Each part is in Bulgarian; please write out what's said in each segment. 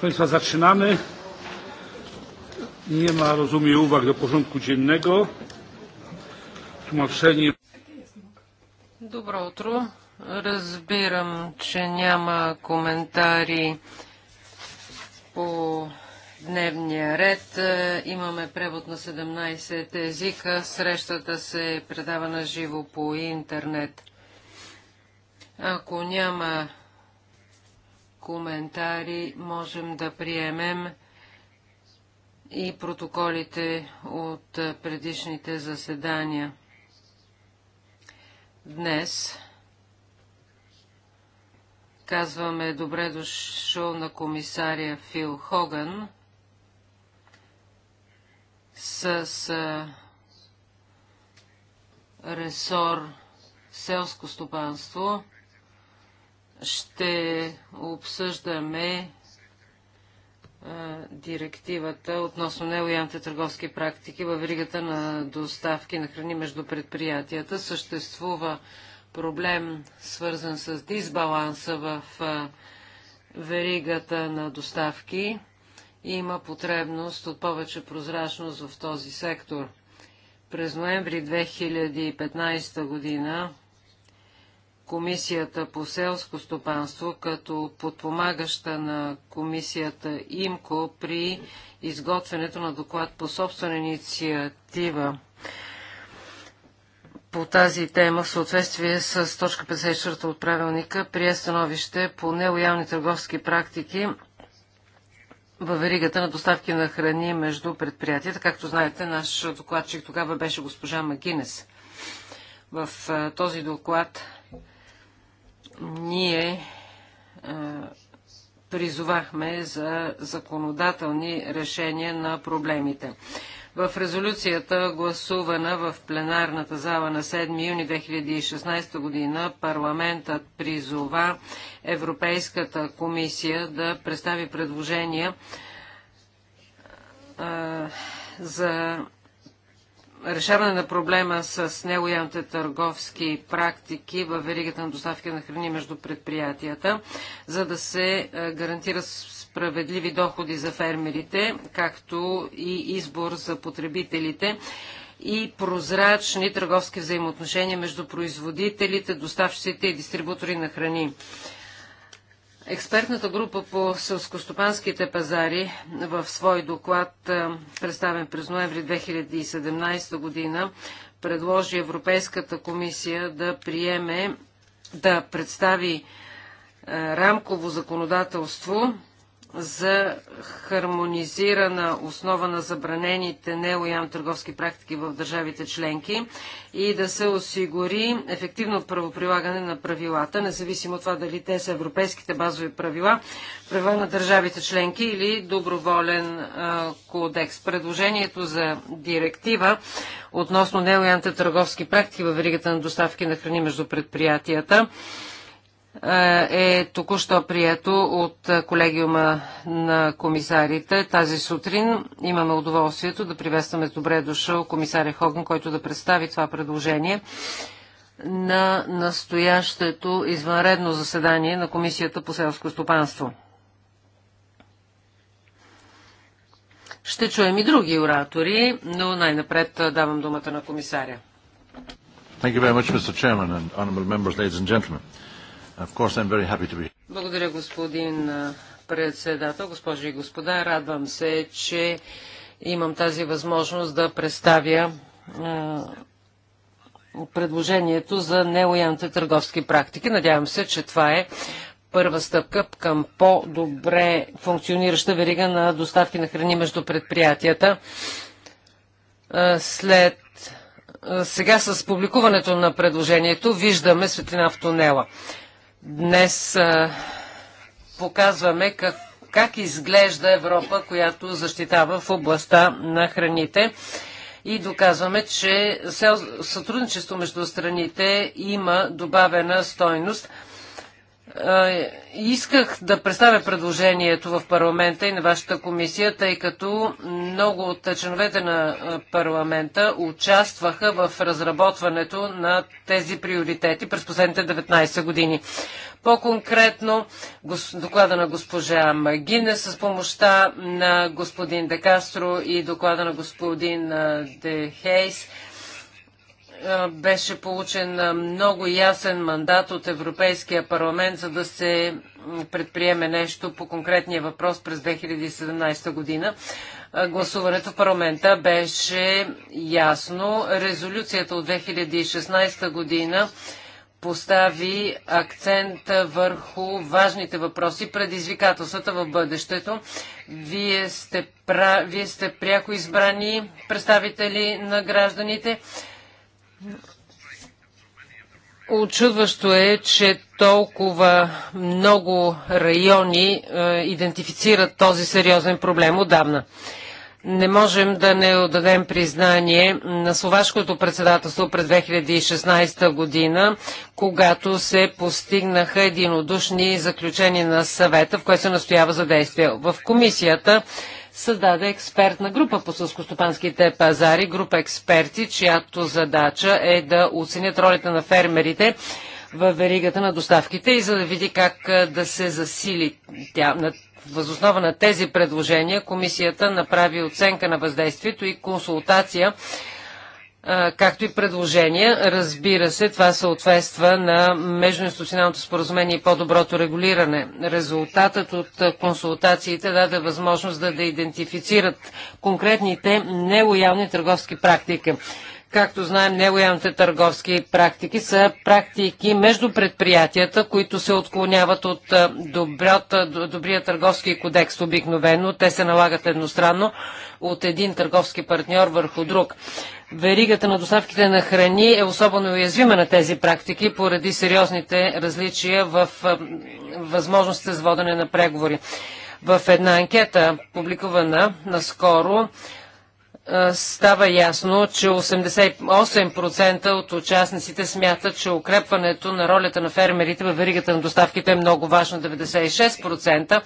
Proszę Państwa, zaczynamy. Nie ma, rozumiem, uwag do porządku dziennego. Tłumaczenie. Dobro Добро Rozbieram, czy nie ma коментари po дневния ред. Имаме превод на 17 езика. Срещата се предава на живо по интернет. Ако няма коментари можем да приемем и протоколите от предишните заседания. Днес казваме добре дошъл на комисаря Фил Хоган с ресор селско стопанство ще обсъждаме е, директивата относно нелоялните търговски практики във веригата на доставки на храни между предприятията. Съществува проблем, свързан с дисбаланса в е, веригата на доставки. Има потребност от повече прозрачност в този сектор. През ноември 2015 година Комисията по селско стопанство като подпомагаща на комисията ИМКО при изготвянето на доклад по собствена инициатива по тази тема в съответствие с точка 54 от правилника прие становище по нелоялни търговски практики във веригата на доставки на храни между предприятията. Както знаете, наш докладчик тогава беше госпожа Магинес. В този доклад ние е, призовахме за законодателни решения на проблемите. В резолюцията, гласувана в пленарната зала на 7 юни 2016 година, парламентът призова Европейската комисия да представи предложения а, за решаване на проблема с нелоялните търговски практики във веригата на доставки на храни между предприятията, за да се е, гарантира справедливи доходи за фермерите, както и избор за потребителите и прозрачни търговски взаимоотношения между производителите, доставчиците и дистрибутори на храни. Експертната група по селскостопанските пазари в свой доклад, е, представен през ноември 2017 година, предложи Европейската комисия да приеме, да представи е, рамково законодателство за хармонизирана основа на забранените нелоялни търговски практики в държавите членки и да се осигури ефективно правоприлагане на правилата, независимо от това дали те са европейските базови правила, правила на държавите членки или доброволен а, кодекс. Предложението за директива относно нелоялните търговски практики във веригата на доставки на храни между предприятията е току-що прието от колегиума на комисарите тази сутрин. Имаме удоволствието да приветстваме добре дошъл комисаря Хоган, който да представи това предложение на настоящето извънредно заседание на Комисията по селско стопанство. Ще чуем и други оратори, но най-напред давам думата на комисаря. Thank you very much, Mr. Chairman and honorable members, ladies and gentlemen. Be... Благодаря, господин председател. Госпожи и господа, радвам се, че имам тази възможност да представя предложението за нелоялните търговски практики. Надявам се, че това е първа стъпка към по-добре функционираща верига на доставки на храни между предприятията. След сега с публикуването на предложението виждаме светлина в тунела. Днес а, показваме как, как изглежда Европа, която защитава в областта на храните и доказваме, че сътрудничество между страните има добавена стойност – Исках да представя предложението в парламента и на вашата комисия, тъй като много от членовете на парламента участваха в разработването на тези приоритети през последните 19 години. По-конкретно доклада на госпожа Магине с помощта на господин Декастро и доклада на господин Дехейс – беше получен много ясен мандат от Европейския парламент, за да се предприеме нещо по конкретния въпрос през 2017 година. Гласуването в парламента беше ясно. Резолюцията от 2016 година постави акцент върху важните въпроси, предизвикателствата в бъдещето. Вие сте, пра... Вие сте пряко избрани представители на гражданите. Очудващо е, че толкова много райони е, идентифицират този сериозен проблем отдавна не можем да не отдадем признание на словашкото председателство през 2016 година, когато се постигнаха единодушни заключения на съвета, в което се настоява за действие. В комисията създаде експертна група по сълскостопанските пазари, група експерти, чиято задача е да оценят ролята на фермерите в веригата на доставките и за да види как да се засили тя, на Възоснова на тези предложения комисията направи оценка на въздействието и консултация, както и предложения. Разбира се, това съответства на междуинституционалното споразумение и по-доброто регулиране. Резултатът от консултациите даде възможност да, да идентифицират конкретните нелоялни търговски практики. Както знаем, нелоялните търговски практики са практики между предприятията, които се отклоняват от добрата, добрия търговски кодекс обикновено. Те се налагат едностранно от един търговски партньор върху друг. Веригата на доставките на храни е особено уязвима на тези практики поради сериозните различия в възможностите за водене на преговори. В една анкета, публикувана наскоро, е, става ясно, че 88% от участниците смятат, че укрепването на ролята на фермерите във веригата на доставките е много важно. 96%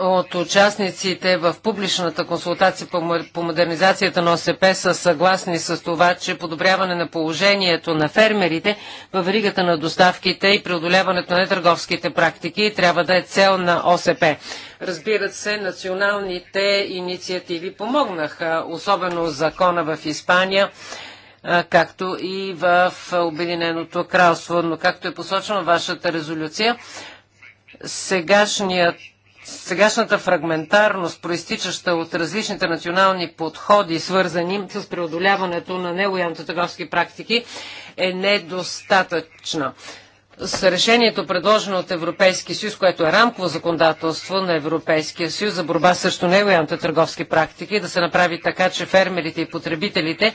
от участниците в публичната консултация по модернизацията на ОСП са съгласни с това, че подобряване на положението на фермерите в ригата на доставките и преодоляването на търговските практики трябва да е цел на ОСП. Разбират се, националните инициативи помогнаха, особено закона в Испания, както и в Обединеното кралство. Но както е посочено вашата резолюция, сегашният сегашната фрагментарност, проистичаща от различните национални подходи, свързани с преодоляването на нелоялните търговски практики, е недостатъчна. С решението, предложено от Европейския съюз, което е рамково законодателство на Европейския съюз за борба срещу нелоялните търговски практики, да се направи така, че фермерите и потребителите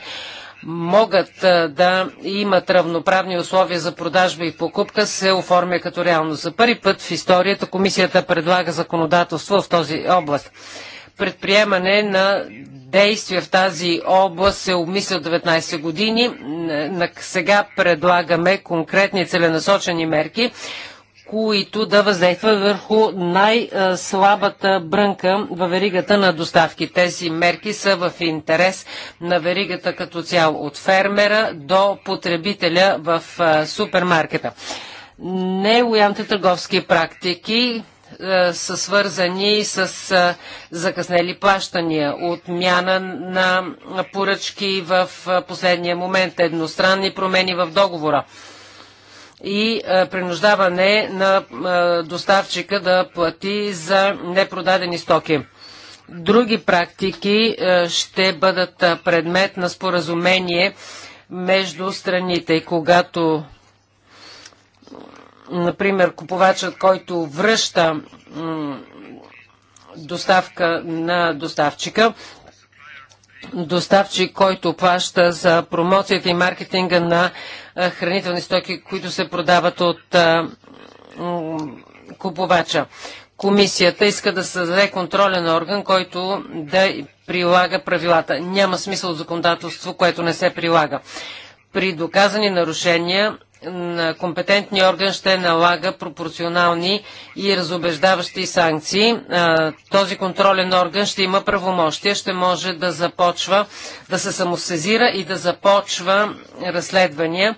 могат да имат равноправни условия за продажба и покупка, се оформя като реално. За първи път в историята комисията предлага законодателство в този област. Предприемане на действия в тази област се обмисля от 19 години. Сега предлагаме конкретни целенасочени мерки, които да въздейства върху най-слабата брънка в веригата на доставки. Тези мерки са в интерес на веригата като цяло от фермера до потребителя в супермаркета. Неуянте търговски практики са свързани с закъснели плащания, отмяна на поръчки в последния момент, едностранни промени в договора и е, принуждаване на е, доставчика да плати за непродадени стоки. Други практики е, ще бъдат предмет на споразумение между страните и когато например купувачът, който връща доставка на доставчика, доставчик, който плаща за промоцията и маркетинга на хранителни стоки, които се продават от купувача. Комисията иска да създаде контролен орган, който да прилага правилата. Няма смисъл законодателство, което не се прилага. При доказани нарушения компетентният орган ще налага пропорционални и разобеждаващи санкции. Този контролен орган ще има правомощия, ще може да започва да се самосезира и да започва разследвания.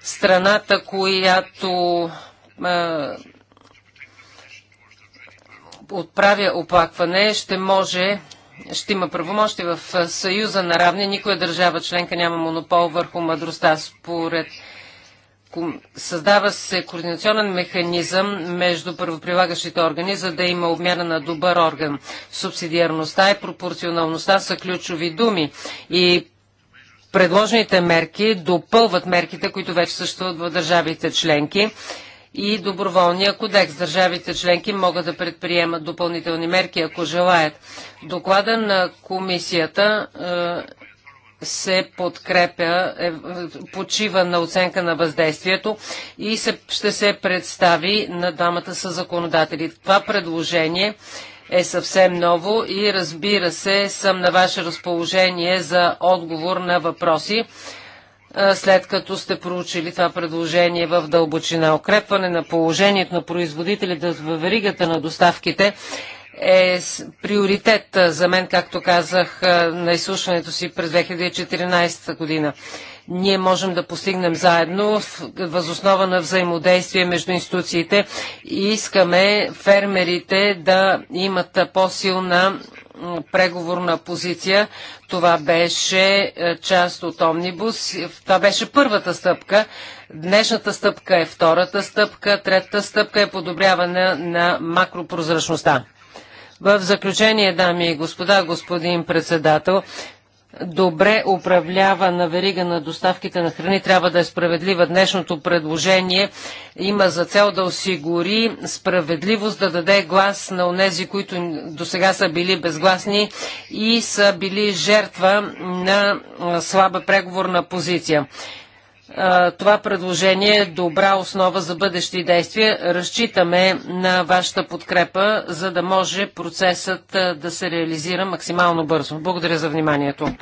Страната, която отправя оплакване, ще може ще има правомощи в Съюза на равни. Никоя държава членка няма монопол върху мъдростта. Според Създава се координационен механизъм между първоприлагащите органи, за да има обмяна на добър орган. Субсидиарността и пропорционалността са ключови думи и предложените мерки допълват мерките, които вече съществуват в държавите членки и доброволния кодекс. Държавите членки могат да предприемат допълнителни мерки, ако желаят. Доклада на комисията е, се подкрепя, е, почива на оценка на въздействието и се, ще се представи на двамата са законодатели. Това предложение е съвсем ново и разбира се съм на ваше разположение за отговор на въпроси след като сте проучили това предложение в дълбочина. Укрепване на положението на производителите в веригата на доставките е приоритет за мен, както казах на изслушването си през 2014 година. Ние можем да постигнем заедно възоснова на взаимодействие между институциите и искаме фермерите да имат по-силна преговорна позиция. Това беше част от Омнибус. Това беше първата стъпка. Днешната стъпка е втората стъпка. Третата стъпка е подобряване на макропрозрачността. В заключение, дами и господа, господин председател, добре управлявана верига на доставките на храни трябва да е справедлива. Днешното предложение има за цел да осигури справедливост, да даде глас на онези, които до сега са били безгласни и са били жертва на слаба преговорна позиция това предложение е добра основа за бъдещи действия. Разчитаме на вашата подкрепа, за да може процесът да се реализира максимално бързо. Благодаря за вниманието.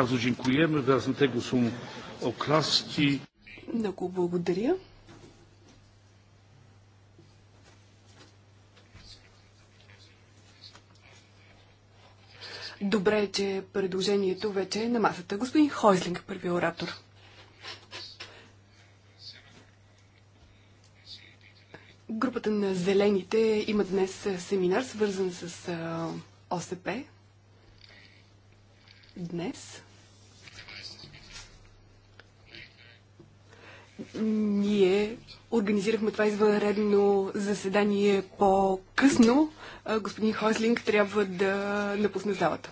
Bardzo dziękujemy. tego są oklaski. Много благодаря. Добре, е, че предложението вече е на масата. Господин Хойзлинг, първи оратор. Групата на зелените има днес е, семинар, свързан с е, ОСП. Днес. Ние организирахме това извънредно заседание по-късно. Господин Хойслинг трябва да напусне залата.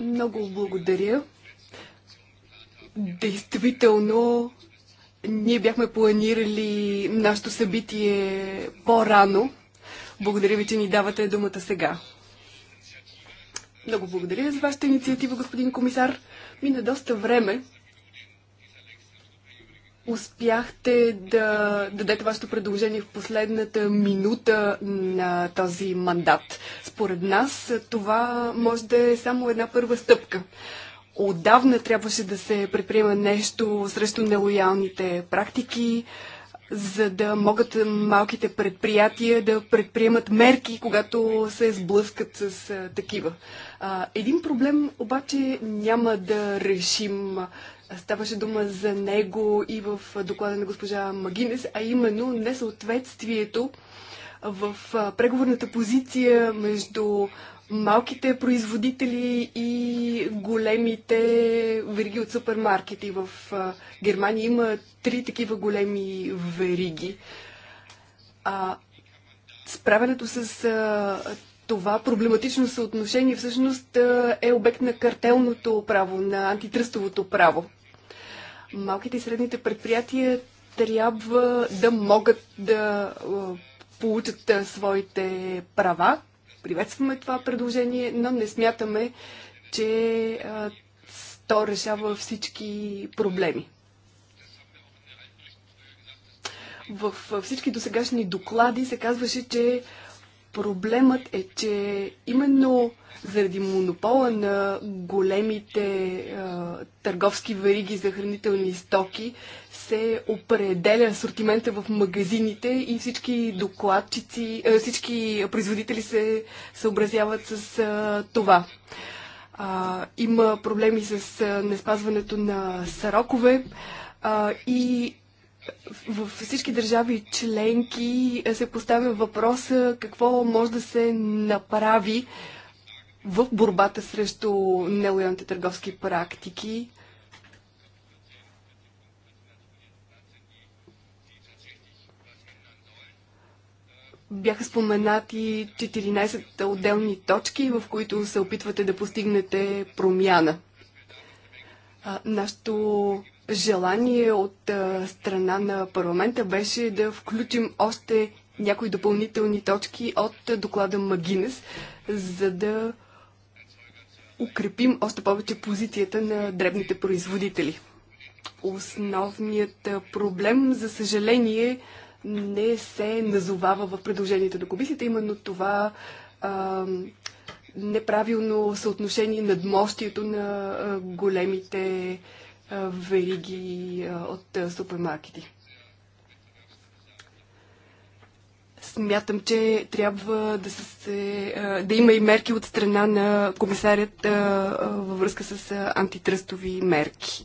Много благодаря. Действително, ние бяхме планирали нашето събитие по-рано. Благодаря ви, че ни давате думата сега. Много благодаря за вашата инициатива, господин комисар. Мина доста време успяхте да дадете вашето предложение в последната минута на този мандат. Според нас това може да е само една първа стъпка. Отдавна трябваше да се предприема нещо срещу нелоялните практики, за да могат малките предприятия да предприемат мерки, когато се сблъскат с такива. един проблем обаче няма да решим Ставаше дума за него и в доклада на госпожа Магинес, а именно несъответствието в преговорната позиция между малките производители и големите вериги от супермаркети. В Германия има три такива големи вериги. А справянето с а, това проблематично съотношение всъщност е обект на картелното право, на антитръстовото право. Малките и средните предприятия трябва да могат да получат своите права. Приветстваме това предложение, но не смятаме, че то решава всички проблеми. В всички досегашни доклади се казваше, че Проблемът е, че именно заради монопола на големите а, търговски вериги за хранителни стоки се определя асортимента в магазините и всички докладчици, а, всички производители се съобразяват с а, това. А, има проблеми с неспазването на срокове а, и във всички държави членки се поставя въпроса какво може да се направи в борбата срещу нелоялните търговски практики. Бяха споменати 14 отделни точки, в които се опитвате да постигнете промяна. нашето желание от страна на парламента беше да включим още някои допълнителни точки от доклада Магинес, за да укрепим още повече позицията на дребните производители. Основният проблем, за съжаление, не се назовава в предложението на комисията. Именно това а, неправилно съотношение над мощието на а, големите вериги от супермаркети. Смятам, че трябва да, се, да има и мерки от страна на комисарят във връзка с антитръстови мерки.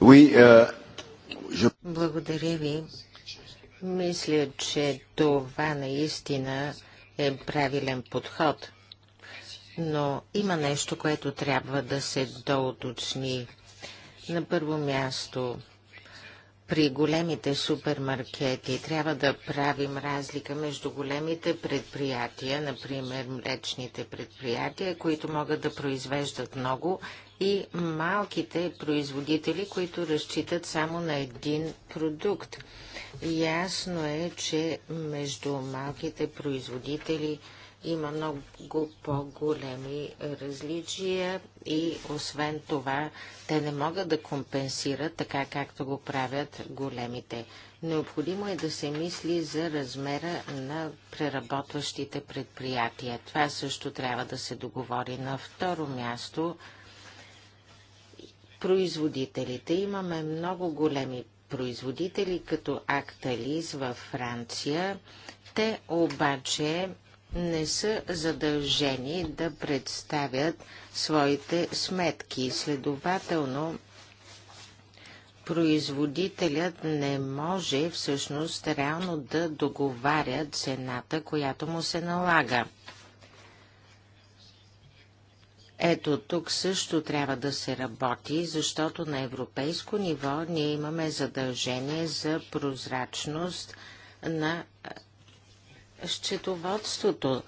Euh, Благодаря ви. Мисля, че това наистина е правилен подход но има нещо, което трябва да се доуточни. На първо място, при големите супермаркети трябва да правим разлика между големите предприятия, например млечните предприятия, които могат да произвеждат много, и малките производители, които разчитат само на един продукт. Ясно е, че между малките производители – има много по-големи различия и освен това те не могат да компенсират така както го правят големите. Необходимо е да се мисли за размера на преработващите предприятия. Това също трябва да се договори. На второ място производителите. Имаме много големи производители, като Акталис във Франция. Те обаче не са задължени да представят своите сметки. Следователно, производителят не може всъщност реално да договаря цената, която му се налага. Ето тук също трябва да се работи, защото на европейско ниво ние имаме задължение за прозрачност на счетоводството.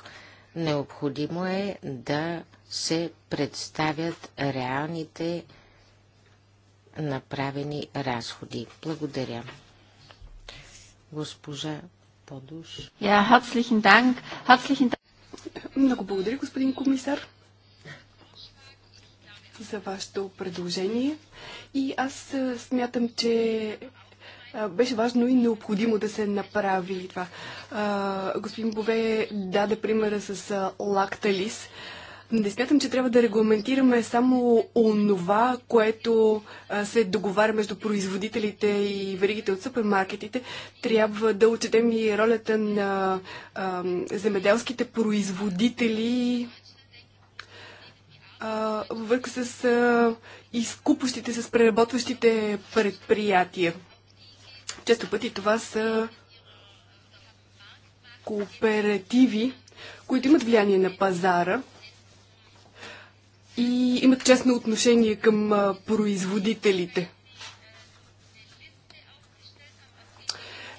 Необходимо е да се представят реалните направени разходи. Благодаря. Госпожа Подуш. Я, herzlichen данк. Много благодаря, господин комисар, за вашето предложение. И аз смятам, че беше важно и необходимо да се направи това. Господин Бове даде примера с лакталис. Не смятам, че трябва да регламентираме само онова, което се договаря между производителите и веригите от супермаркетите. Трябва да отчетем и ролята на а, земеделските производители във връзка с а, изкупващите, с преработващите предприятия. Често пъти това са кооперативи, които имат влияние на пазара и имат честно отношение към производителите.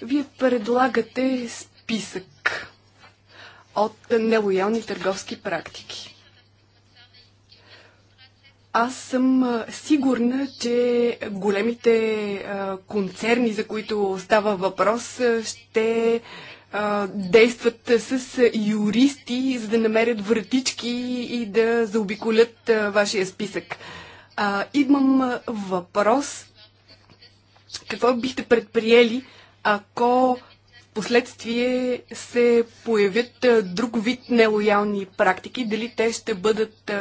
Вие предлагате списък от нелоялни търговски практики. Аз съм сигурна, че големите концерни, за които става въпрос, ще действат с юристи, за да намерят вратички и да заобиколят вашия списък. имам въпрос. Какво бихте предприели, ако в последствие се появят друг вид нелоялни практики? Дали те ще бъдат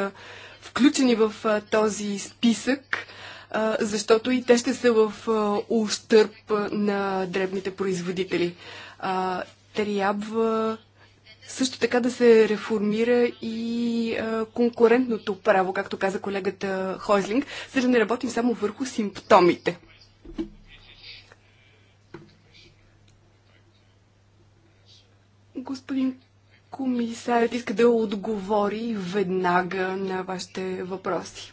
включени в този списък, защото и те ще са в ущърп на дребните производители. Трябва също така да се реформира и а, конкурентното право, както каза колегата Хойзлинг, за да не работим само върху симптомите. Господин комисарят иска да отговори веднага на вашите въпроси.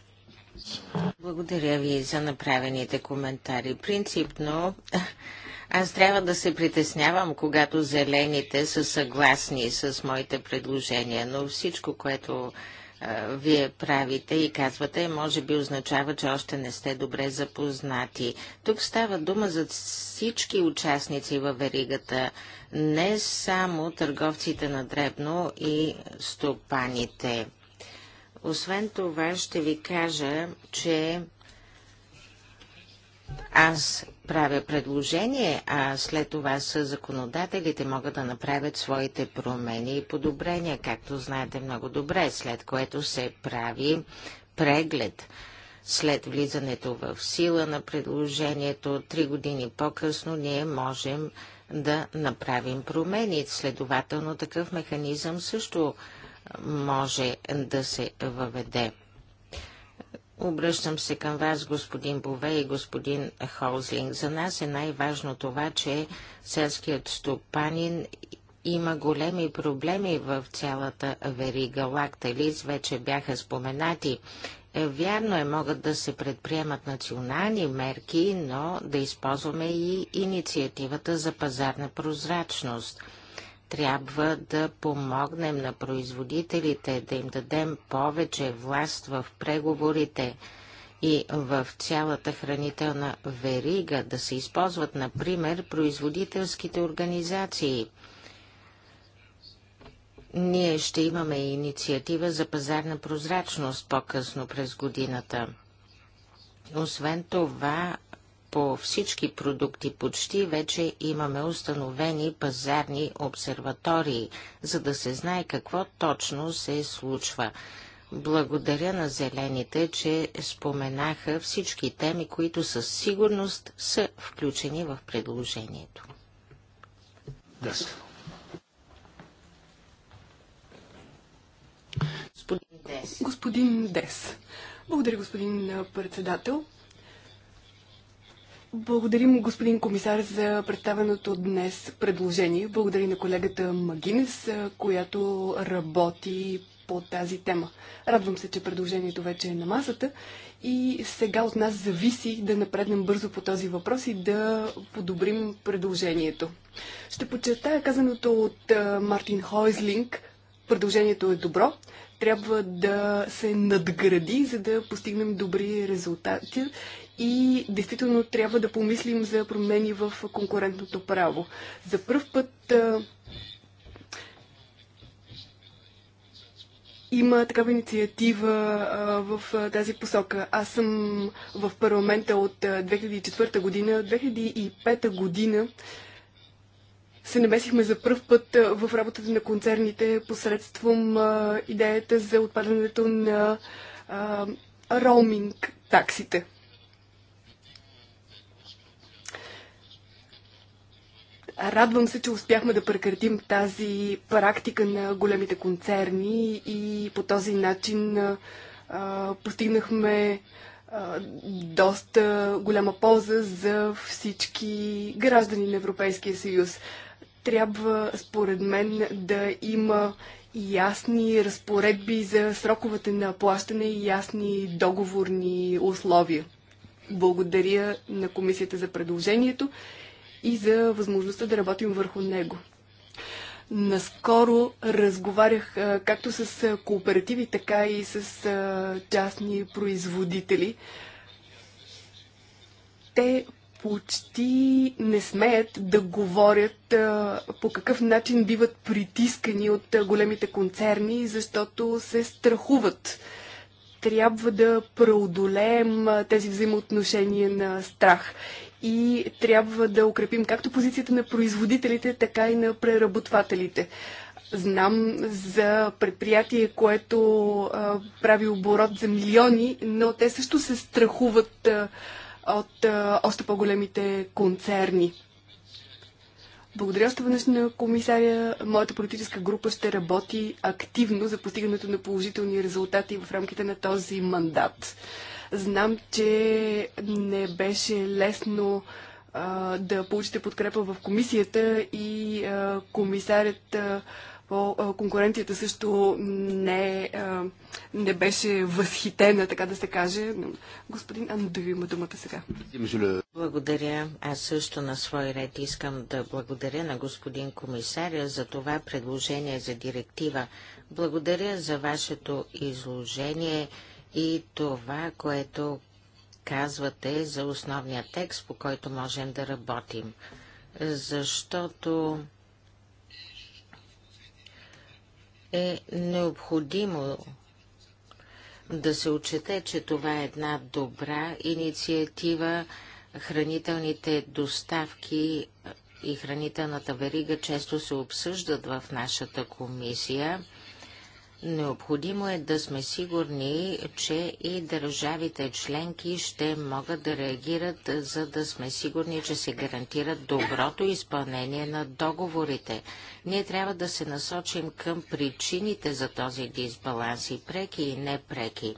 Благодаря ви за направените коментари. Принципно аз трябва да се притеснявам, когато зелените са съгласни с моите предложения, но всичко, което вие правите и казвате, може би означава, че още не сте добре запознати. Тук става дума за всички участници във веригата, не само търговците на дребно и стопаните. Освен това ще ви кажа, че аз правя предложение, а след това с законодателите могат да направят своите промени и подобрения, както знаете много добре, след което се прави преглед. След влизането в сила на предложението, три години по-късно, ние можем да направим промени. Следователно, такъв механизъм също може да се въведе. Обръщам се към вас, господин Бове и господин Холзинг. За нас е най-важно това, че селският стопанин има големи проблеми в цялата верига. Лакталис вече бяха споменати. Е, вярно е, могат да се предприемат национални мерки, но да използваме и инициативата за пазарна прозрачност – трябва да помогнем на производителите, да им дадем повече власт в преговорите и в цялата хранителна верига, да се използват, например, производителските организации. Ние ще имаме инициатива за пазарна прозрачност по-късно през годината. Освен това, по всички продукти почти вече имаме установени пазарни обсерватории, за да се знае какво точно се случва. Благодаря на зелените, че споменаха всички теми, които със сигурност са включени в предложението. Yes. Господин Дес. Господин Дес. Благодаря, господин председател. Благодарим господин комисар за представеното днес предложение. Благодаря на колегата Магинес, която работи по тази тема. Радвам се, че предложението вече е на масата и сега от нас зависи да напреднем бързо по този въпрос и да подобрим предложението. Ще подчертая казаното от Мартин Хойзлинг. Предложението е добро. Трябва да се надгради, за да постигнем добри резултати и действително трябва да помислим за промени в конкурентното право. За първ път има такава инициатива а, в а, тази посока. Аз съм в парламента от а, 2004 година. 2005 година се намесихме за първ път в работата на концерните посредством а, идеята за отпадането на а, роуминг таксите. Радвам се, че успяхме да прекратим тази практика на големите концерни и по този начин а, постигнахме а, доста голяма полза за всички граждани на Европейския съюз. Трябва, според мен, да има ясни разпоредби за сроковете на плащане и ясни договорни условия. Благодаря на комисията за предложението и за възможността да работим върху него. Наскоро разговарях както с кооперативи, така и с частни производители. Те почти не смеят да говорят по какъв начин биват притискани от големите концерни, защото се страхуват. Трябва да преодолеем тези взаимоотношения на страх и трябва да укрепим както позицията на производителите, така и на преработвателите. Знам за предприятие, което а, прави оборот за милиони, но те също се страхуват а, от а, още по-големите концерни. Благодаря още веднъж на комисаря. Моята политическа група ще работи активно за постигането на положителни резултати в рамките на този мандат. Знам, че не беше лесно а, да получите подкрепа в комисията и а, комисарят а, по а, конкуренцията също не, а, не беше възхитена, така да се каже. Господин ви има думата сега. Благодаря. Аз също на свой ред искам да благодаря на господин комисаря за това предложение за директива. Благодаря за вашето изложение и това, което казвате е за основния текст, по който можем да работим. Защото е необходимо да се отчете, че това е една добра инициатива. Хранителните доставки и хранителната верига често се обсъждат в нашата комисия Необходимо е да сме сигурни, че и държавите членки ще могат да реагират, за да сме сигурни, че се гарантира доброто изпълнение на договорите. Ние трябва да се насочим към причините за този дисбаланс и преки и непреки.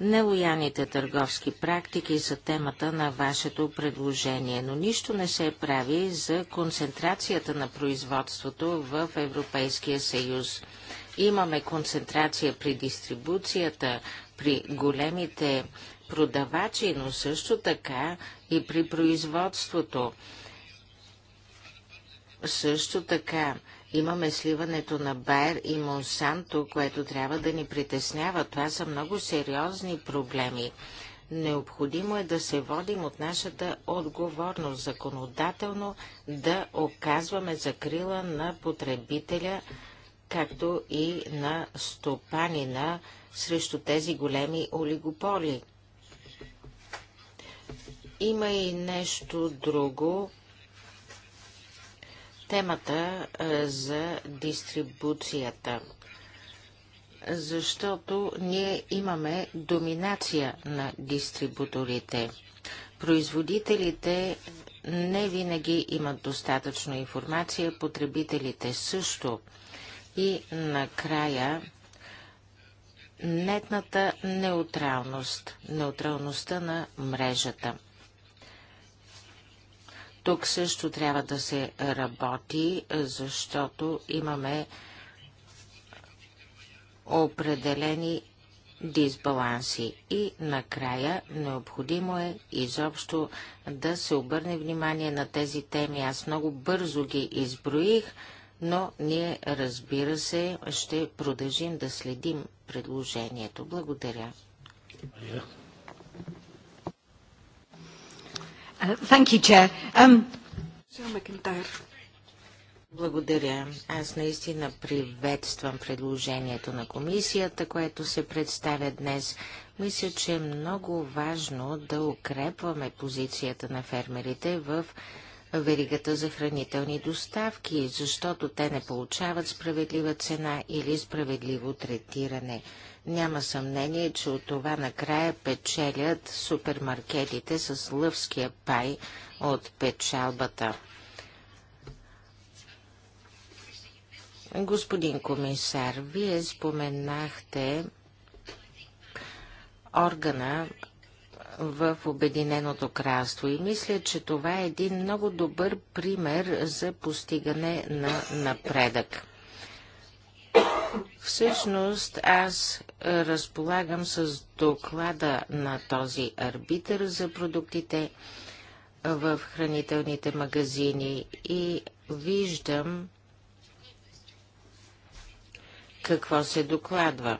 Нелояните търговски практики са темата на вашето предложение, но нищо не се прави за концентрацията на производството в Европейския съюз. Имаме концентрация при дистрибуцията, при големите продавачи, но също така и при производството. Също така имаме сливането на Байер и Монсанто, което трябва да ни притеснява. Това са много сериозни проблеми. Необходимо е да се водим от нашата отговорност законодателно, да оказваме закрила на потребителя, както и на стопанина срещу тези големи олигополи. Има и нещо друго. Темата за дистрибуцията. Защото ние имаме доминация на дистрибуторите. Производителите не винаги имат достатъчно информация, потребителите също. И накрая нетната неутралност, неутралността на мрежата. Тук също трябва да се работи, защото имаме определени дисбаланси. И накрая необходимо е изобщо да се обърне внимание на тези теми. Аз много бързо ги изброих, но ние, разбира се, ще продължим да следим предложението. Благодаря. Uh, um, Благодаря. Аз наистина приветствам предложението на комисията, което се представя днес. Мисля, че е много важно да укрепваме позицията на фермерите в веригата за хранителни доставки, защото те не получават справедлива цена или справедливо третиране. Няма съмнение, че от това накрая печелят супермаркетите с лъвския пай от печалбата. Господин комисар, вие споменахте органа в Обединеното кралство. И мисля, че това е един много добър пример за постигане на напредък. Всъщност аз разполагам с доклада на този арбитър за продуктите в хранителните магазини и виждам какво се докладва.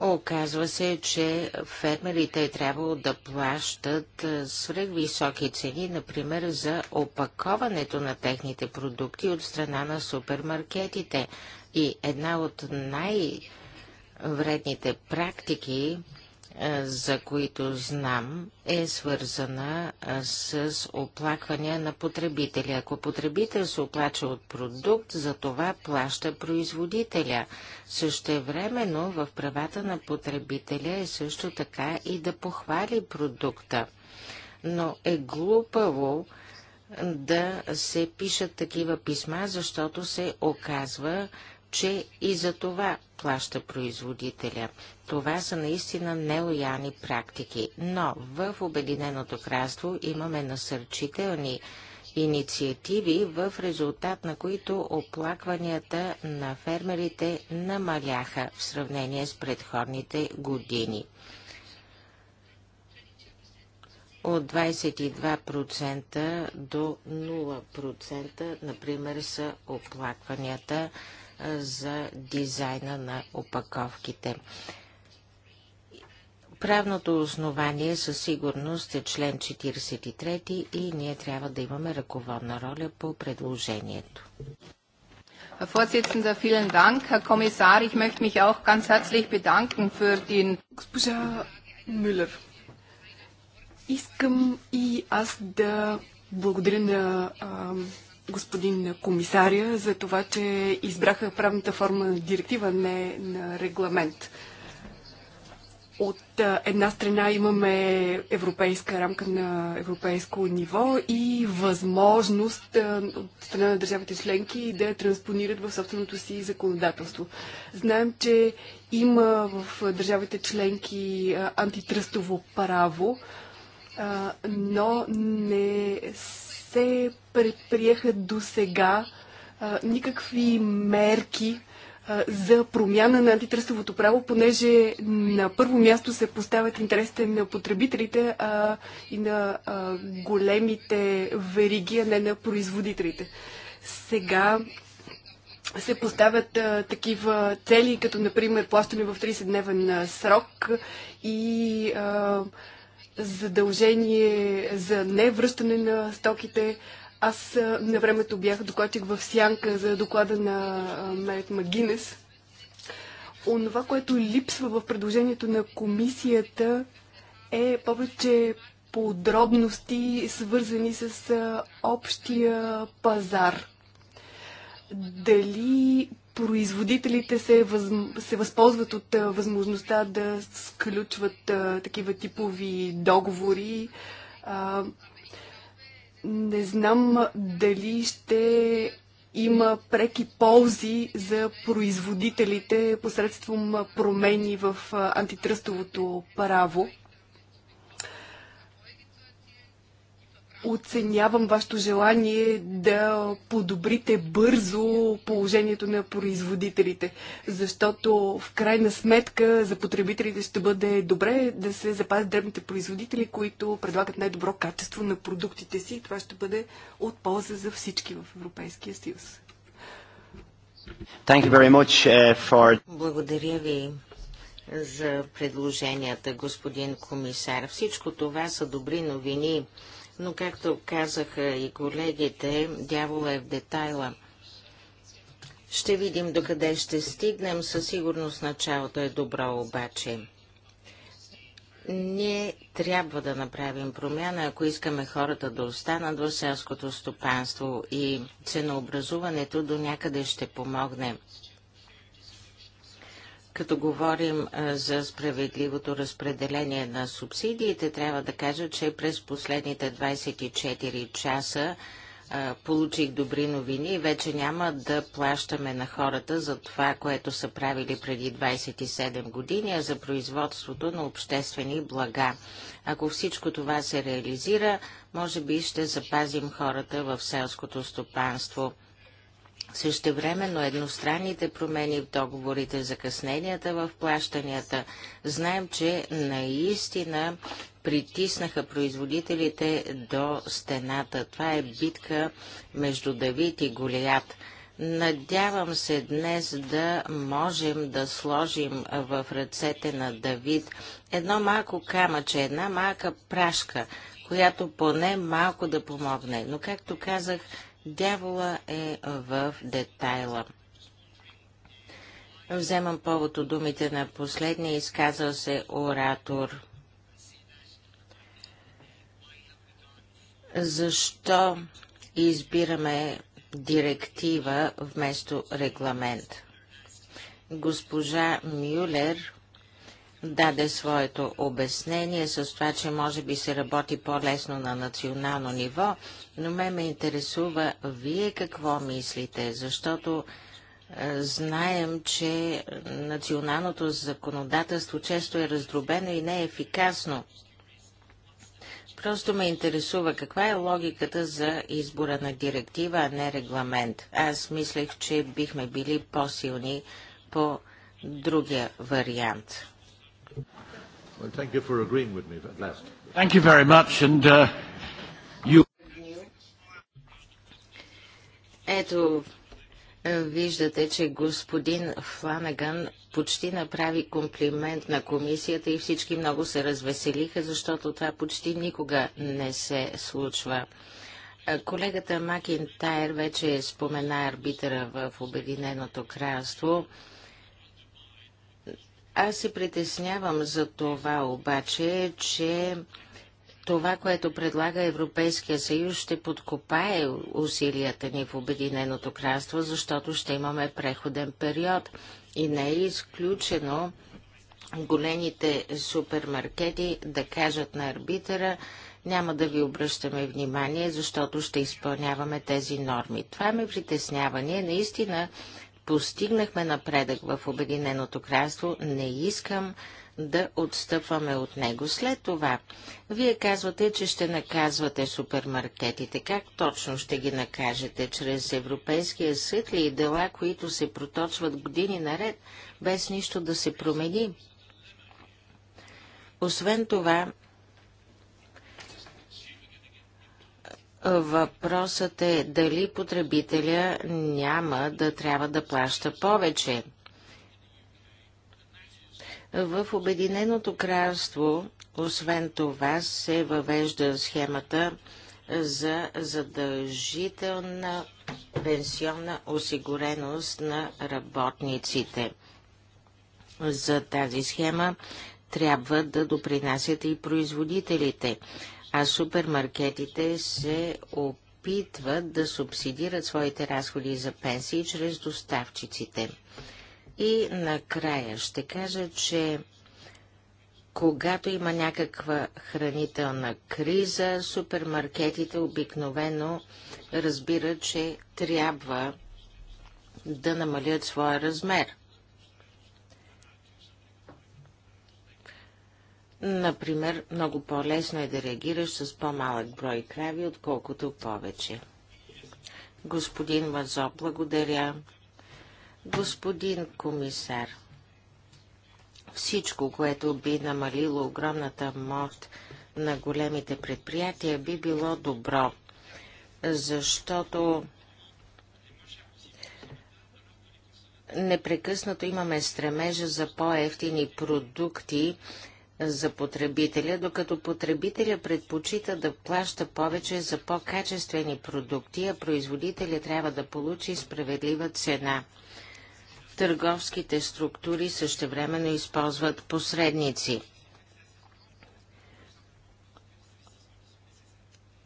Оказва се, че фермерите е трябвало да плащат свръхвисоки цени, например за опаковането на техните продукти от страна на супермаркетите. И една от най-вредните практики е, за които знам, е свързана е, с оплаквания на потребителя. Ако потребител се оплача от продукт, за това плаща производителя. Същевременно в правата на потребителя е също така и да похвали продукта. Но е глупаво е, да се пишат такива писма, защото се оказва, че и за това плаща производителя. Това са наистина нелояни практики, но в Обединеното кралство имаме насърчителни инициативи, в резултат на които оплакванията на фермерите намаляха в сравнение с предходните години. От 22% до 0%, например, са оплакванията за дизайна на опаковките. Правното основание със сигурност е член 43 и ние трябва да имаме ръководна роля по предложението. Vorsitzender, vielen Dank. Herr Kommissar, ich möchte mich auch ganz herzlich bedanken für den... Госпожа Мюллер, искам и аз да благодаря на господин комисаря за това, че избраха правната форма на директива, не на регламент. От една страна имаме европейска рамка на европейско ниво и възможност от страна на държавите членки да транспонират в собственото си законодателство. Знаем, че има в държавите членки антитръстово право, но не се се предприеха до сега никакви мерки а, за промяна на антитръстовото право, понеже на първо място се поставят интересите на потребителите а, и на а, големите вериги, а не на производителите. Сега се поставят а, такива цели, като например плащане в 30-дневен срок и а, задължение за невръщане на стоките. Аз на времето бях докладчик в Сянка за доклада на Мерит Магинес. Онова, което липсва в предложението на комисията е повече подробности, свързани с общия пазар. Дали производителите се, въз, се възползват от а, възможността да сключват а, такива типови договори. А, не знам дали ще има преки ползи за производителите посредством промени в антитръстовото право. оценявам вашето желание да подобрите бързо положението на производителите, защото в крайна сметка за потребителите ще бъде добре да се запазят дребните производители, които предлагат най-добро качество на продуктите си. Това ще бъде от полза за всички в Европейския съюз. Thank you very much, uh, for... Благодаря ви за предложенията, господин комисар. Всичко това са добри новини но както казаха и колегите, дявола е в детайла. Ще видим докъде ще стигнем. Със сигурност началото е добро обаче. Ние трябва да направим промяна, ако искаме хората да останат в селското стопанство и ценообразуването до някъде ще помогне. Като говорим за справедливото разпределение на субсидиите, трябва да кажа, че през последните 24 часа получих добри новини и вече няма да плащаме на хората за това, което са правили преди 27 години, а за производството на обществени блага. Ако всичко това се реализира, може би ще запазим хората в селското стопанство – Същевременно едностранните промени в договорите, закъсненията в плащанията, знаем, че наистина притиснаха производителите до стената. Това е битка между Давид и Голият. Надявам се днес да можем да сложим в ръцете на Давид едно малко камъче, една малка прашка, която поне малко да помогне. Но, както казах, Дявола е в детайла. Вземам повод от думите на последния изказал се оратор. Защо избираме директива вместо регламент? Госпожа Мюлер даде своето обяснение с това, че може би се работи по-лесно на национално ниво, но ме ме интересува вие какво мислите, защото е, знаем, че националното законодателство често е раздробено и не е ефикасно. Просто ме интересува каква е логиката за избора на директива, а не регламент. Аз мислех, че бихме били по-силни по другия вариант. Well, thank you for agreeing with me at last. Thank you very much and uh, you... Ето, е, виждате, че господин Фланаган почти направи комплимент на комисията и всички много се развеселиха, защото това почти никога не се случва. Е, колегата Макинтайр вече спомена арбитъра в Обединеното кралство. Аз се притеснявам за това обаче, че това, което предлага Европейския съюз, ще подкопае усилията ни в Обединеното кралство, защото ще имаме преходен период. И не е изключено големите супермаркети да кажат на арбитъра, няма да ви обръщаме внимание, защото ще изпълняваме тези норми. Това ме притеснява. Ние наистина Постигнахме напредък в Обединеното кралство, не искам да отстъпваме от него. След това, вие казвате, че ще наказвате супермаркетите. Как точно ще ги накажете? Чрез Европейския съд ли и дела, които се проточват години наред, без нищо да се промени? Освен това, Въпросът е дали потребителя няма да трябва да плаща повече. В Обединеното кралство, освен това, се въвежда схемата за задължителна пенсионна осигуреност на работниците. За тази схема трябва да допринасят и производителите а супермаркетите се опитват да субсидират своите разходи за пенсии чрез доставчиците. И накрая ще кажа, че когато има някаква хранителна криза, супермаркетите обикновено разбират, че трябва да намалят своя размер. Например, много по-лесно е да реагираш с по-малък брой крави, отколкото повече. Господин Мазо, благодаря. Господин комисар, всичко, което би намалило огромната мощ на големите предприятия, би било добро, защото непрекъснато имаме стремежа за по-ефтини продукти, за потребителя, докато потребителя предпочита да плаща повече за по-качествени продукти, а производителя трябва да получи справедлива цена. Търговските структури същевременно използват посредници.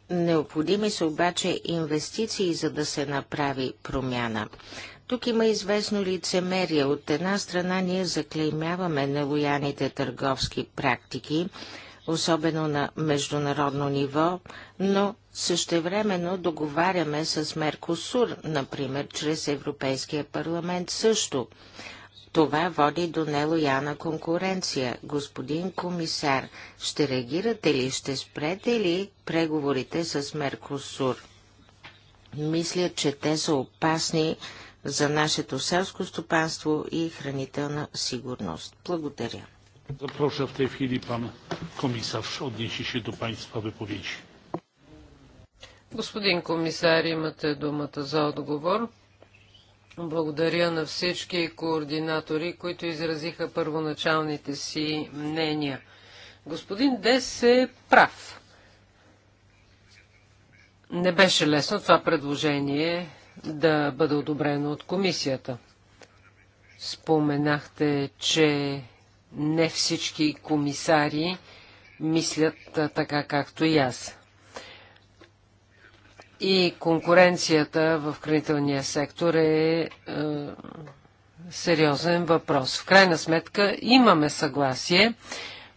Необходими са обаче инвестиции, за да се направи промяна. Тук има известно лицемерие. От една страна ние заклеймяваме нелояните търговски практики, особено на международно ниво, но същевременно договаряме с Меркосур, например, чрез Европейския парламент също. Това води до нелояна конкуренция. Господин комисар, ще реагирате ли, ще спрете ли преговорите с Меркосур? Мисля, че те са опасни за нашето селско стопанство и хранителна сигурност. Благодаря. Zapraszam в tej chwili pan komisarz odniesie się do państwa wypowiedzi. Господин комисар, имате думата за отговор. Благодаря на всички координатори, които изразиха първоначалните си мнения. Господин Дес е прав. Не беше лесно това предложение да бъде одобрено от комисията. Споменахте, че не всички комисари мислят така както и аз. И конкуренцията в хранителния сектор е, е сериозен въпрос. В крайна сметка имаме съгласие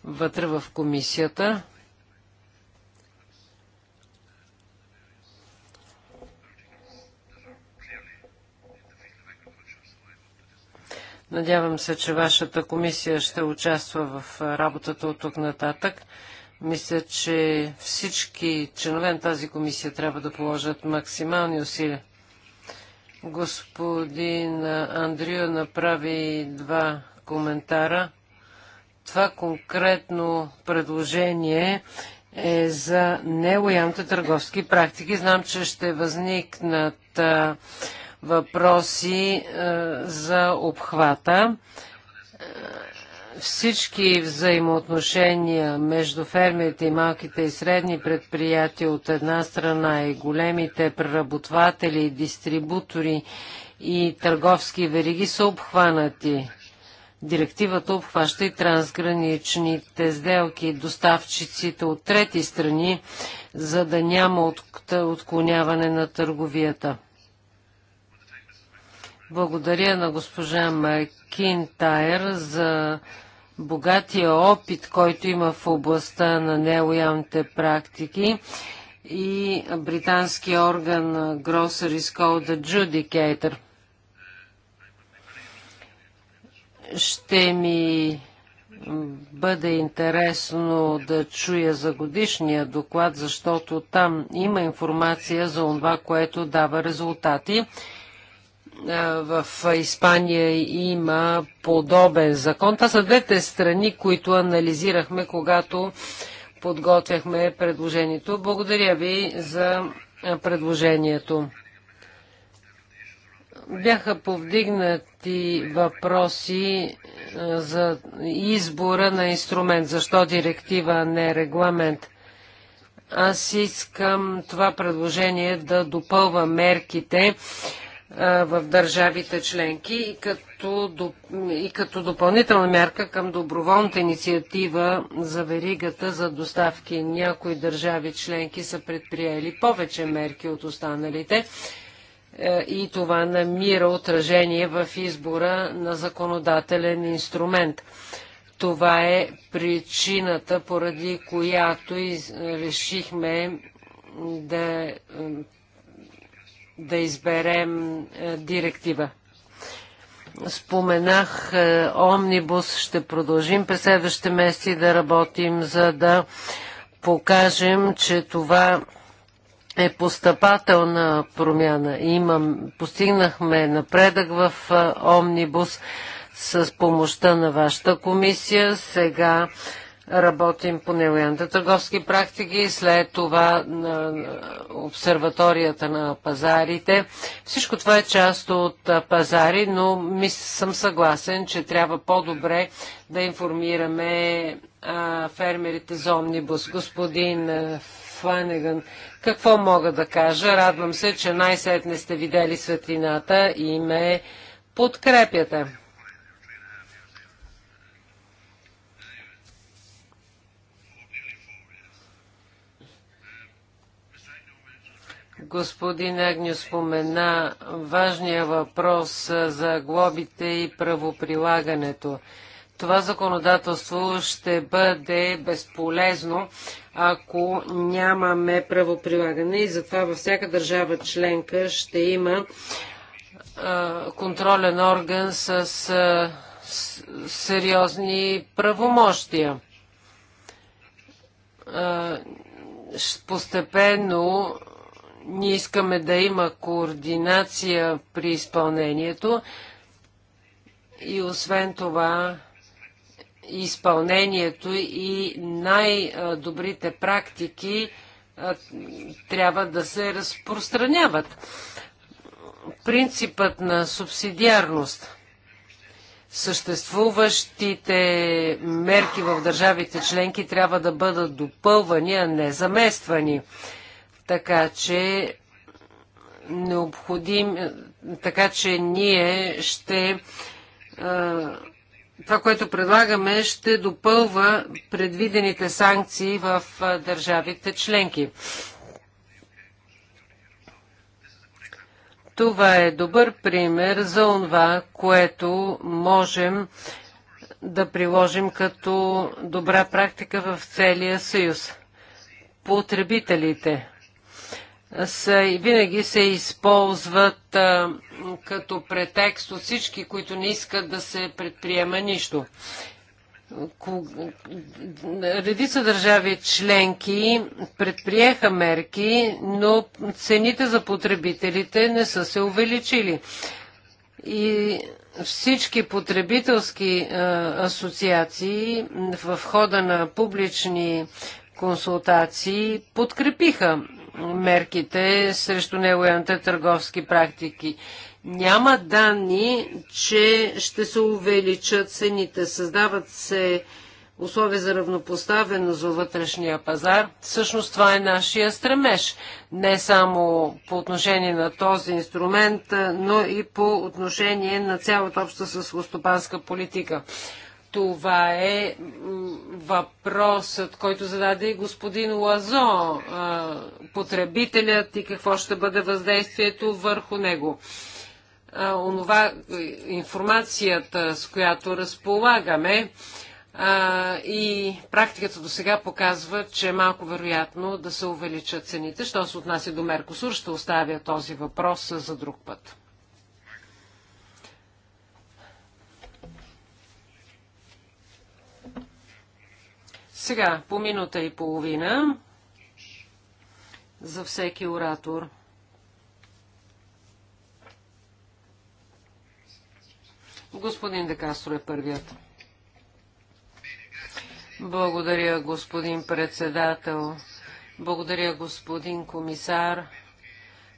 вътре в комисията Надявам се, че вашата комисия ще участва в работата от тук нататък. Мисля, че всички членове на тази комисия трябва да положат максимални усилия. Господин Андрио направи два коментара. Това конкретно предложение е за нелоялните търговски практики. Знам, че ще възникнат а, въпроси е, за обхвата. Е, всички взаимоотношения между фермерите и малките и средни предприятия от една страна и големите преработватели, дистрибутори и търговски вериги са обхванати. Директивата обхваща и трансграничните сделки, доставчиците от трети страни, за да няма отклоняване на търговията. Благодаря на госпожа Тайер за богатия опит, който има в областта на нелоялните практики и британския орган Groceries Code Adjudicator. Ще ми бъде интересно да чуя за годишния доклад, защото там има информация за това, което дава резултати в Испания има подобен закон. Това са двете страни, които анализирахме, когато подготвяхме предложението. Благодаря ви за предложението. Бяха повдигнати въпроси за избора на инструмент. Защо директива, не е регламент? Аз искам това предложение да допълва мерките, в държавите членки и като, и като допълнителна мярка към доброволната инициатива за веригата за доставки. Някои държави членки са предприели повече мерки от останалите е, и това намира отражение в избора на законодателен инструмент. Това е причината, поради която решихме да да изберем е, директива. Споменах е, Омнибус, ще продължим през следващите месеци да работим, за да покажем, че това е постъпателна промяна. Имам, постигнахме напредък в е, Омнибус с помощта на вашата комисия. Сега Работим по нелоялните търговски практики, след това на обсерваторията на пазарите. Всичко това е част от пазари, но мис, съм съгласен, че трябва по-добре да информираме а, фермерите за омнибус. Господин Фанеган, какво мога да кажа? Радвам се, че най-сетне сте видели светлината и ме подкрепяте. Господин Агню спомена важния въпрос за глобите и правоприлагането. Това законодателство ще бъде безполезно, ако нямаме правоприлагане и затова във всяка държава членка ще има контролен орган с, сериозни правомощия. постепенно ние искаме да има координация при изпълнението и освен това изпълнението и най-добрите практики трябва да се разпространяват. Принципът на субсидиарност. Съществуващите мерки в държавите членки трябва да бъдат допълвани, а не замествани. Така че необходим, така че ние ще това, което предлагаме, ще допълва предвидените санкции в държавите членки. Това е добър пример за това, което можем да приложим като добра практика в целия съюз. Потребителите са, винаги се използват а, като претекст от всички, които не искат да се предприема нищо. Редица държави членки предприеха мерки, но цените за потребителите не са се увеличили. И всички потребителски а, асоциации в хода на публични консултации подкрепиха мерките срещу нелоялните търговски практики. Няма данни, че ще се увеличат цените. Създават се условия за равнопоставеност за вътрешния пазар. Всъщност това е нашия стремеж. Не само по отношение на този инструмент, но и по отношение на цялата обща съсвостопанска политика. Това е въпросът, който зададе и господин Лазо, потребителят и какво ще бъде въздействието върху него. Онова, е, информацията, с която разполагаме, и практиката до сега показва, че е малко вероятно да се увеличат цените. Що се отнася до Меркосур, ще оставя този въпрос за друг път. Сега, по минута и половина за всеки оратор. Господин Декастро е първият. Благодаря, господин председател. Благодаря, господин комисар.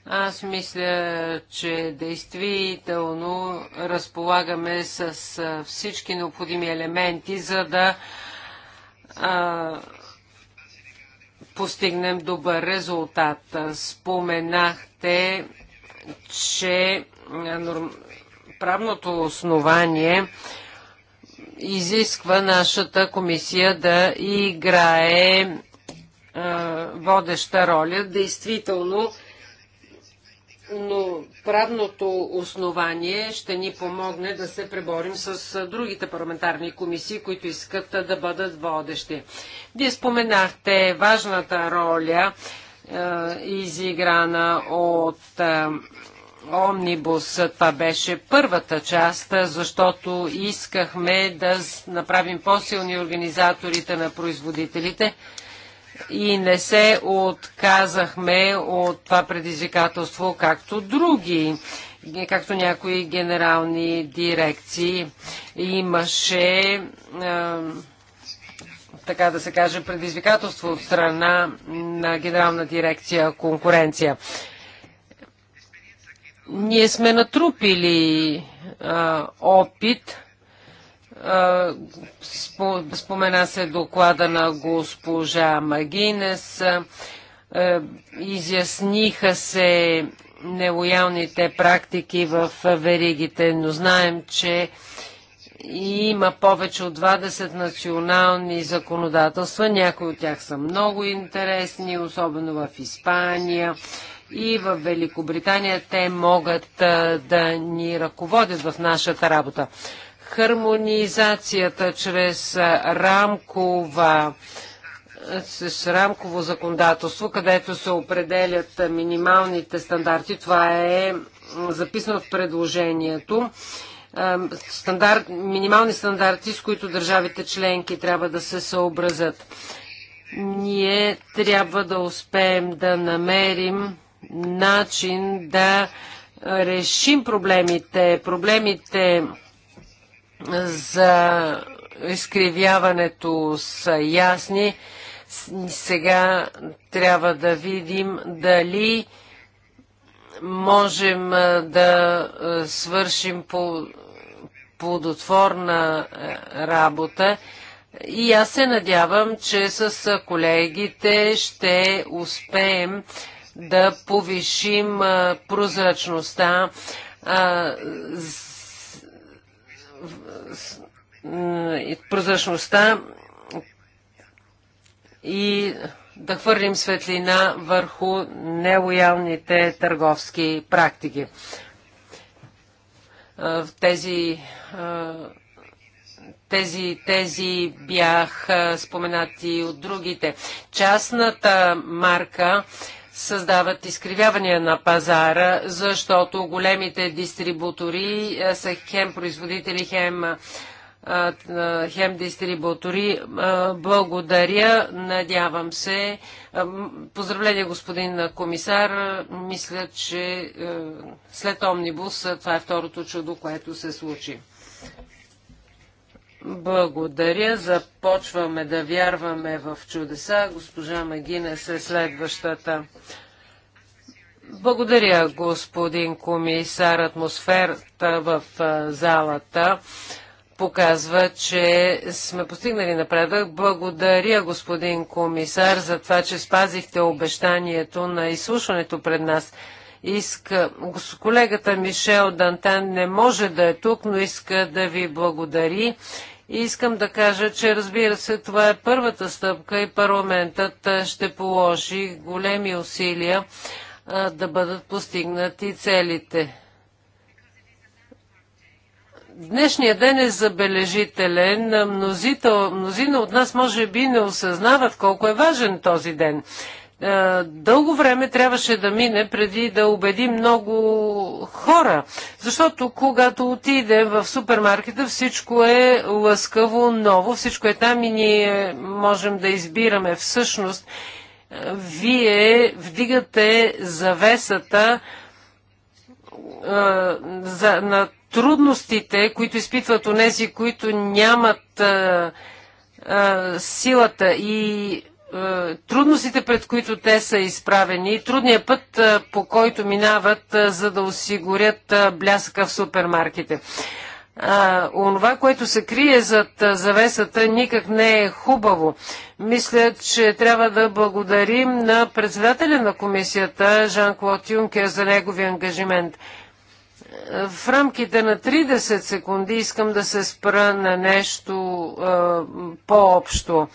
Аз мисля, че действително разполагаме с всички необходими елементи, за да а, постигнем добър резултат. Споменахте, че правното основание изисква нашата комисия да играе а, водеща роля. Действително, но правното основание ще ни помогне да се преборим с другите парламентарни комисии, които искат да бъдат водещи. Вие споменахте важната роля, изиграна от Омнибус. Това беше първата част, защото искахме да направим по-силни организаторите на производителите и не се отказахме от това предизвикателство, както други както някои генерални дирекции имаше така да се каже, предизвикателство от страна на Генерална дирекция конкуренция. Ние сме натрупили а, опит Спомена се доклада на госпожа Магинес. Е, изясниха се нелоялните практики в веригите, но знаем, че има повече от 20 национални законодателства. Някои от тях са много интересни, особено в Испания и в Великобритания. Те могат да ни ръководят в нашата работа хармонизацията чрез рамкова с рамково законодателство, където се определят минималните стандарти. Това е записано в предложението. Е, Стандарт, минимални стандарти, с които държавите членки трябва да се съобразят. Ние трябва да успеем да намерим начин да решим проблемите. Проблемите, за изкривяването са ясни. Сега трябва да видим дали можем да свършим по плодотворна работа. И аз се надявам, че с колегите ще успеем да повишим прозрачността прозрачността и да хвърлим светлина върху нелоялните търговски практики. Тези, тези, тези бях споменати от другите. Частната марка създават изкривявания на пазара, защото големите дистрибутори е, са хем производители, хем, е, е, хем дистрибутори. Благодаря, надявам се. Поздравление, господин комисар. Мисля, че след Омнибус това е второто чудо, което се случи. Благодаря. Започваме да вярваме в чудеса. Госпожа Магинес се следващата. Благодаря, господин комисар. Атмосферата в залата показва, че сме постигнали напредък. Благодаря, господин комисар, за това, че спазихте обещанието на изслушването пред нас иска, колегата Мишел Дантан не може да е тук, но иска да ви благодари. И искам да кажа, че разбира се, това е първата стъпка и парламентът ще положи големи усилия а, да бъдат постигнати целите. Днешният ден е забележителен. мнозина от нас може би не осъзнават колко е важен този ден. Е, дълго време трябваше да мине преди да убеди много хора. Защото когато отиде в супермаркета, всичко е лъскаво, ново, всичко е там и ние можем да избираме. Всъщност, е, вие вдигате завесата е, за, на трудностите, които изпитват онези, които нямат а, а, силата и е, трудностите, пред които те са изправени, трудния път, е, по който минават, е, за да осигурят блясъка в супермаркете. онова, което се крие зад завесата, никак не е хубаво. Мисля, че трябва да благодарим на председателя на комисията Жан-Клод Юнкер за негови ангажимент. В рамките на 30 секунди искам да се спра на нещо по-общо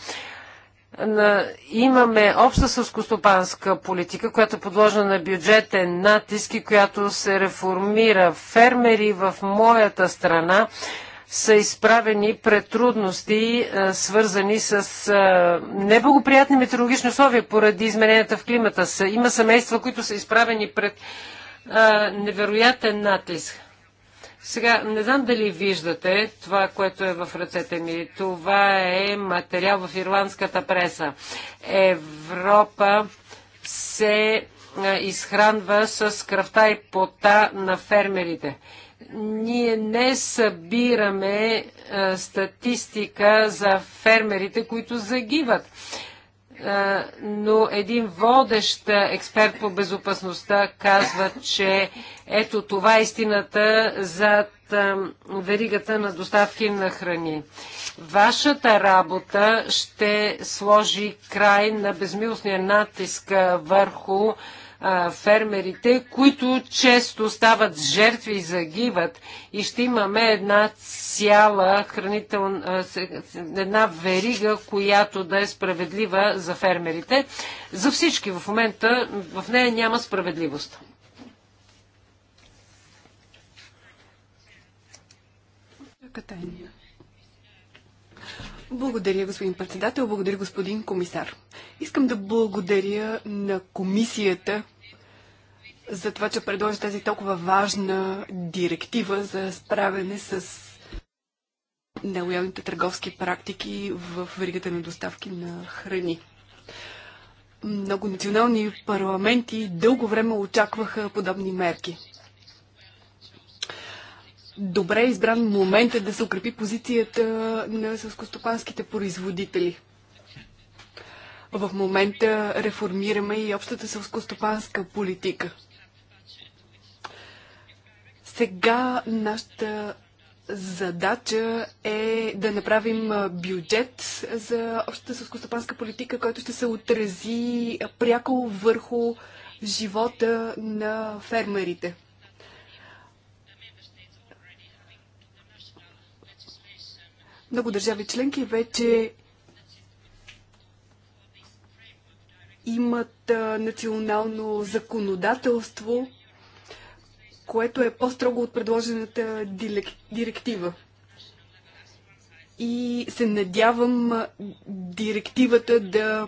на, имаме обща сълскостопанска политика, която е подложена на бюджетен натиск и която се реформира. Фермери в моята страна са изправени пред трудности, е, свързани с е, неблагоприятни метеорологични условия поради измененията в климата. Има семейства, които са изправени пред е, невероятен натиск. Сега, не знам дали виждате това, което е в ръцете ми. Това е материал в ирландската преса. Европа се изхранва с кръвта и пота на фермерите. Ние не събираме статистика за фермерите, които загиват но един водещ експерт по безопасността казва, че ето това е истината за веригата на доставки на храни. Вашата работа ще сложи край на безмилостния натиск върху фермерите, които често стават жертви и загиват. И ще имаме една цяла хранителна, една верига, която да е справедлива за фермерите. За всички в момента в нея няма справедливост. Благодаря, господин председател. Благодаря, господин комисар. Искам да благодаря на комисията за това, че предложи тази толкова важна директива за справяне с нелоялните търговски практики в веригата на доставки на храни. Много национални парламенти дълго време очакваха подобни мерки. Добре е избран момент е да се укрепи позицията на сълскостопанските производители. В момента реформираме и общата сълскостопанска политика – сега нашата задача е да направим бюджет за общата сълскостопанска политика, който ще се отрази пряко върху живота на фермерите. Много държави членки вече имат национално законодателство, което е по-строго от предложената директива. И се надявам директивата да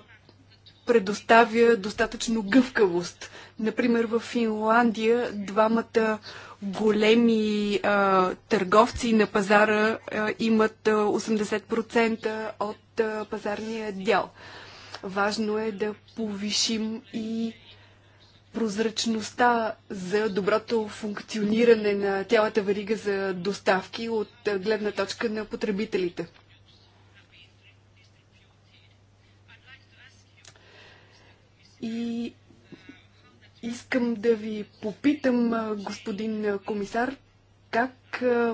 предоставя достатъчно гъвкавост. Например, в Финландия двамата големи а, търговци на пазара а, имат 80% от а, пазарния дял. Важно е да повишим и прозрачността за доброто функциониране на цялата варига за доставки от гледна точка на потребителите. И искам да ви попитам, господин комисар, как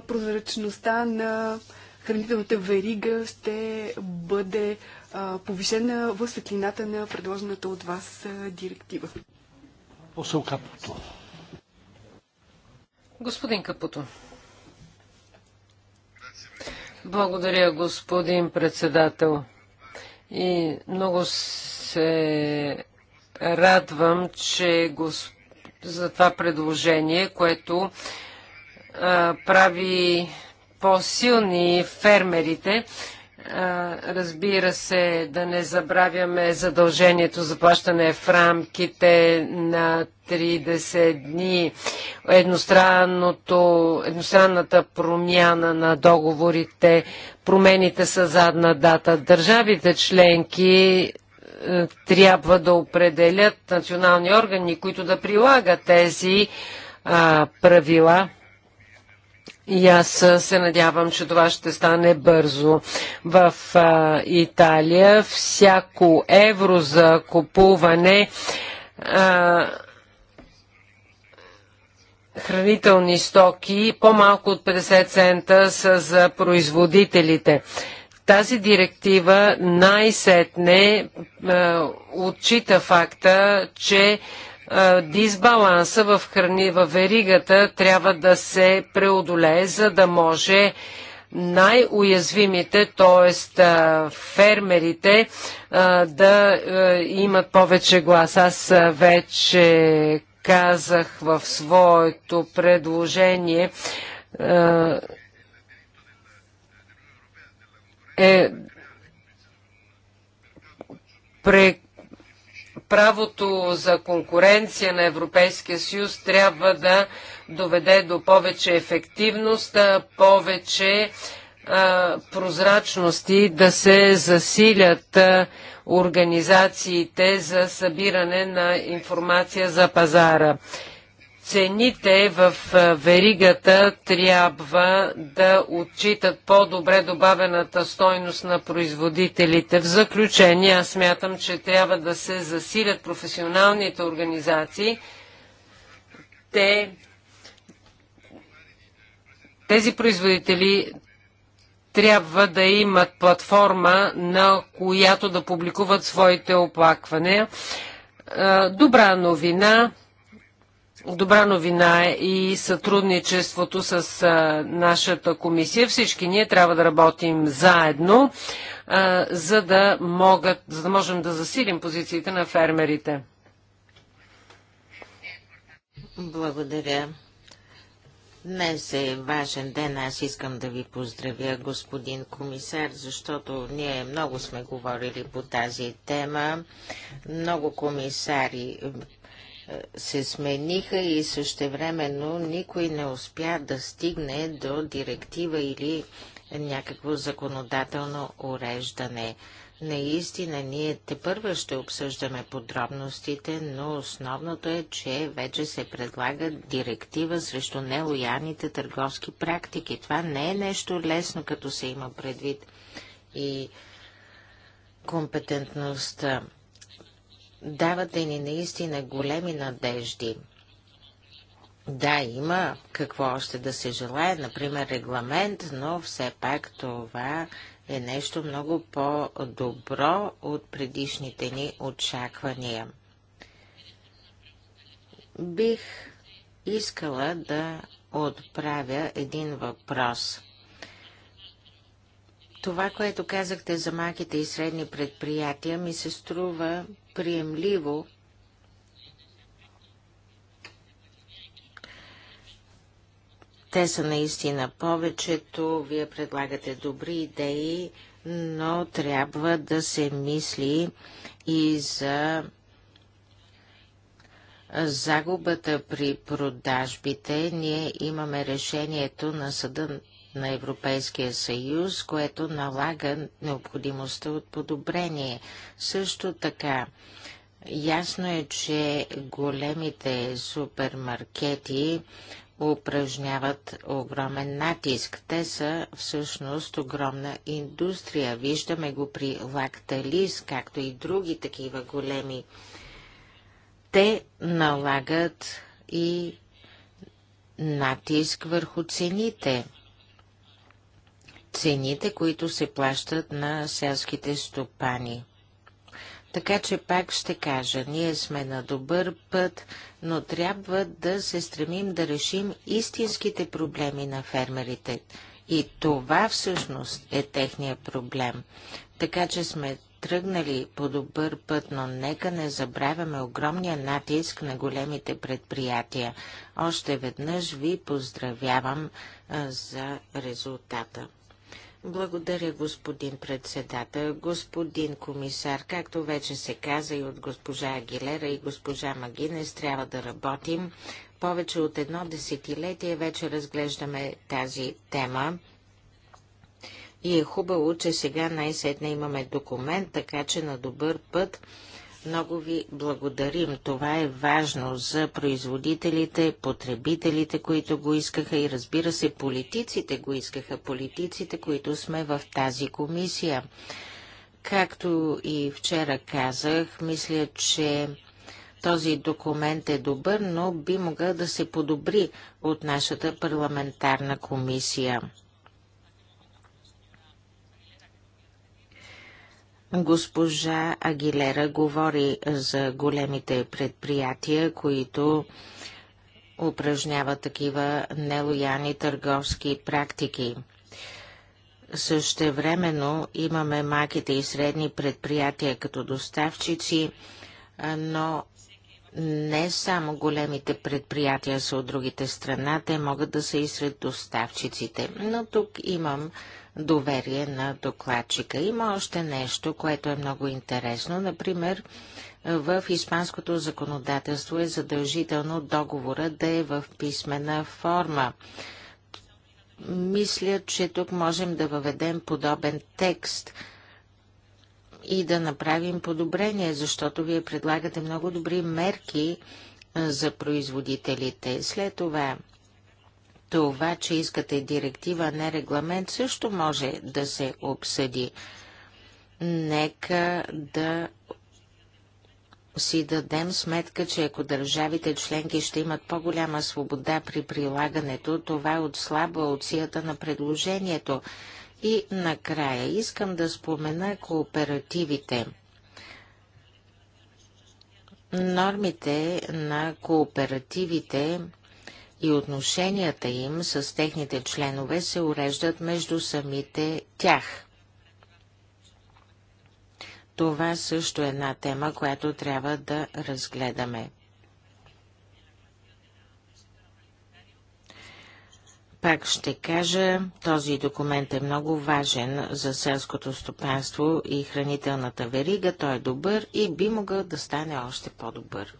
прозрачността на хранителната верига ще бъде повишена в светлината на предложената от вас директива. Посол Капуто. Господин Капуто. Благодаря, господин председател. И много се радвам, че за това предложение, което прави по-силни фермерите Разбира се, да не забравяме задължението за плащане в рамките на 30 дни. едностранната промяна на договорите, промените са задна дата. Държавите членки е, трябва да определят национални органи, които да прилагат тези а, правила. И аз се надявам, че това ще стане бързо. В а, Италия всяко евро за купуване а, хранителни стоки, по-малко от 50 цента са за производителите. Тази директива най-сетне отчита факта, че дисбаланса в храни в веригата трябва да се преодолее, за да може най-уязвимите, т.е. фермерите, да имат повече глас. Аз вече казах в своето предложение е, пре, правото за конкуренция на Европейския съюз трябва да доведе до повече ефективност, повече прозрачности, да се засилят организациите за събиране на информация за пазара цените в веригата трябва да отчитат по-добре добавената стойност на производителите. В заключение, аз смятам, че трябва да се засилят професионалните организации. Те, тези производители трябва да имат платформа, на която да публикуват своите оплаквания. Добра новина Добра новина е и сътрудничеството с нашата комисия. Всички ние трябва да работим заедно, за да, могат, за да можем да засилим позициите на фермерите. Благодаря. Днес е важен ден. Аз искам да ви поздравя, господин комисар, защото ние много сме говорили по тази тема. Много комисари се смениха и същевременно никой не успя да стигне до директива или някакво законодателно уреждане. Наистина, ние те първа ще обсъждаме подробностите, но основното е, че вече се предлага директива срещу нелояните търговски практики. Това не е нещо лесно, като се има предвид и компетентността. Давате ни наистина големи надежди. Да, има какво още да се желая, например регламент, но все пак това е нещо много по-добро от предишните ни очаквания. Бих искала да отправя един въпрос. Това, което казахте за малките и средни предприятия, ми се струва приемливо Те са наистина повечето, вие предлагате добри идеи, но трябва да се мисли и за загубата при продажбите. Ние имаме решението на съда на Европейския съюз, което налага необходимостта от подобрение. Също така, ясно е, че големите супермаркети упражняват огромен натиск. Те са всъщност огромна индустрия. Виждаме го при Лакталис, както и други такива големи. Те налагат и натиск върху цените цените, които се плащат на селските стопани. Така че пак ще кажа, ние сме на добър път, но трябва да се стремим да решим истинските проблеми на фермерите. И това всъщност е техният проблем. Така че сме тръгнали по добър път, но нека не забравяме огромния натиск на големите предприятия. Още веднъж ви поздравявам за резултата. Благодаря, господин председател. Господин комисар, както вече се каза и от госпожа Агилера и госпожа Магинес, трябва да работим. Повече от едно десетилетие вече разглеждаме тази тема. И е хубаво, че сега най-сетне имаме документ, така че на добър път много ви благодарим. Това е важно за производителите, потребителите, които го искаха и разбира се, политиците го искаха, политиците, които сме в тази комисия. Както и вчера казах, мисля, че този документ е добър, но би могъл да се подобри от нашата парламентарна комисия. Госпожа Агилера говори за големите предприятия, които упражняват такива нелояни търговски практики. Същевременно имаме маките и средни предприятия като доставчици, но не само големите предприятия са от другите страна, те могат да са и сред доставчиците. Но тук имам доверие на докладчика. Има още нещо, което е много интересно. Например, в испанското законодателство е задължително договора да е в писмена форма. Мисля, че тук можем да въведем подобен текст и да направим подобрение, защото вие предлагате много добри мерки за производителите. След това това, че искате директива, а не регламент, също може да се обсъди. Нека да си дадем сметка, че ако държавите членки ще имат по-голяма свобода при прилагането, това е отслабва сията на предложението. И накрая искам да спомена кооперативите. Нормите на кооперативите и отношенията им с техните членове се уреждат между самите тях. Това също е една тема, която трябва да разгледаме. Пак ще кажа, този документ е много важен за селското стопанство и хранителната верига. Той е добър и би могъл да стане още по-добър.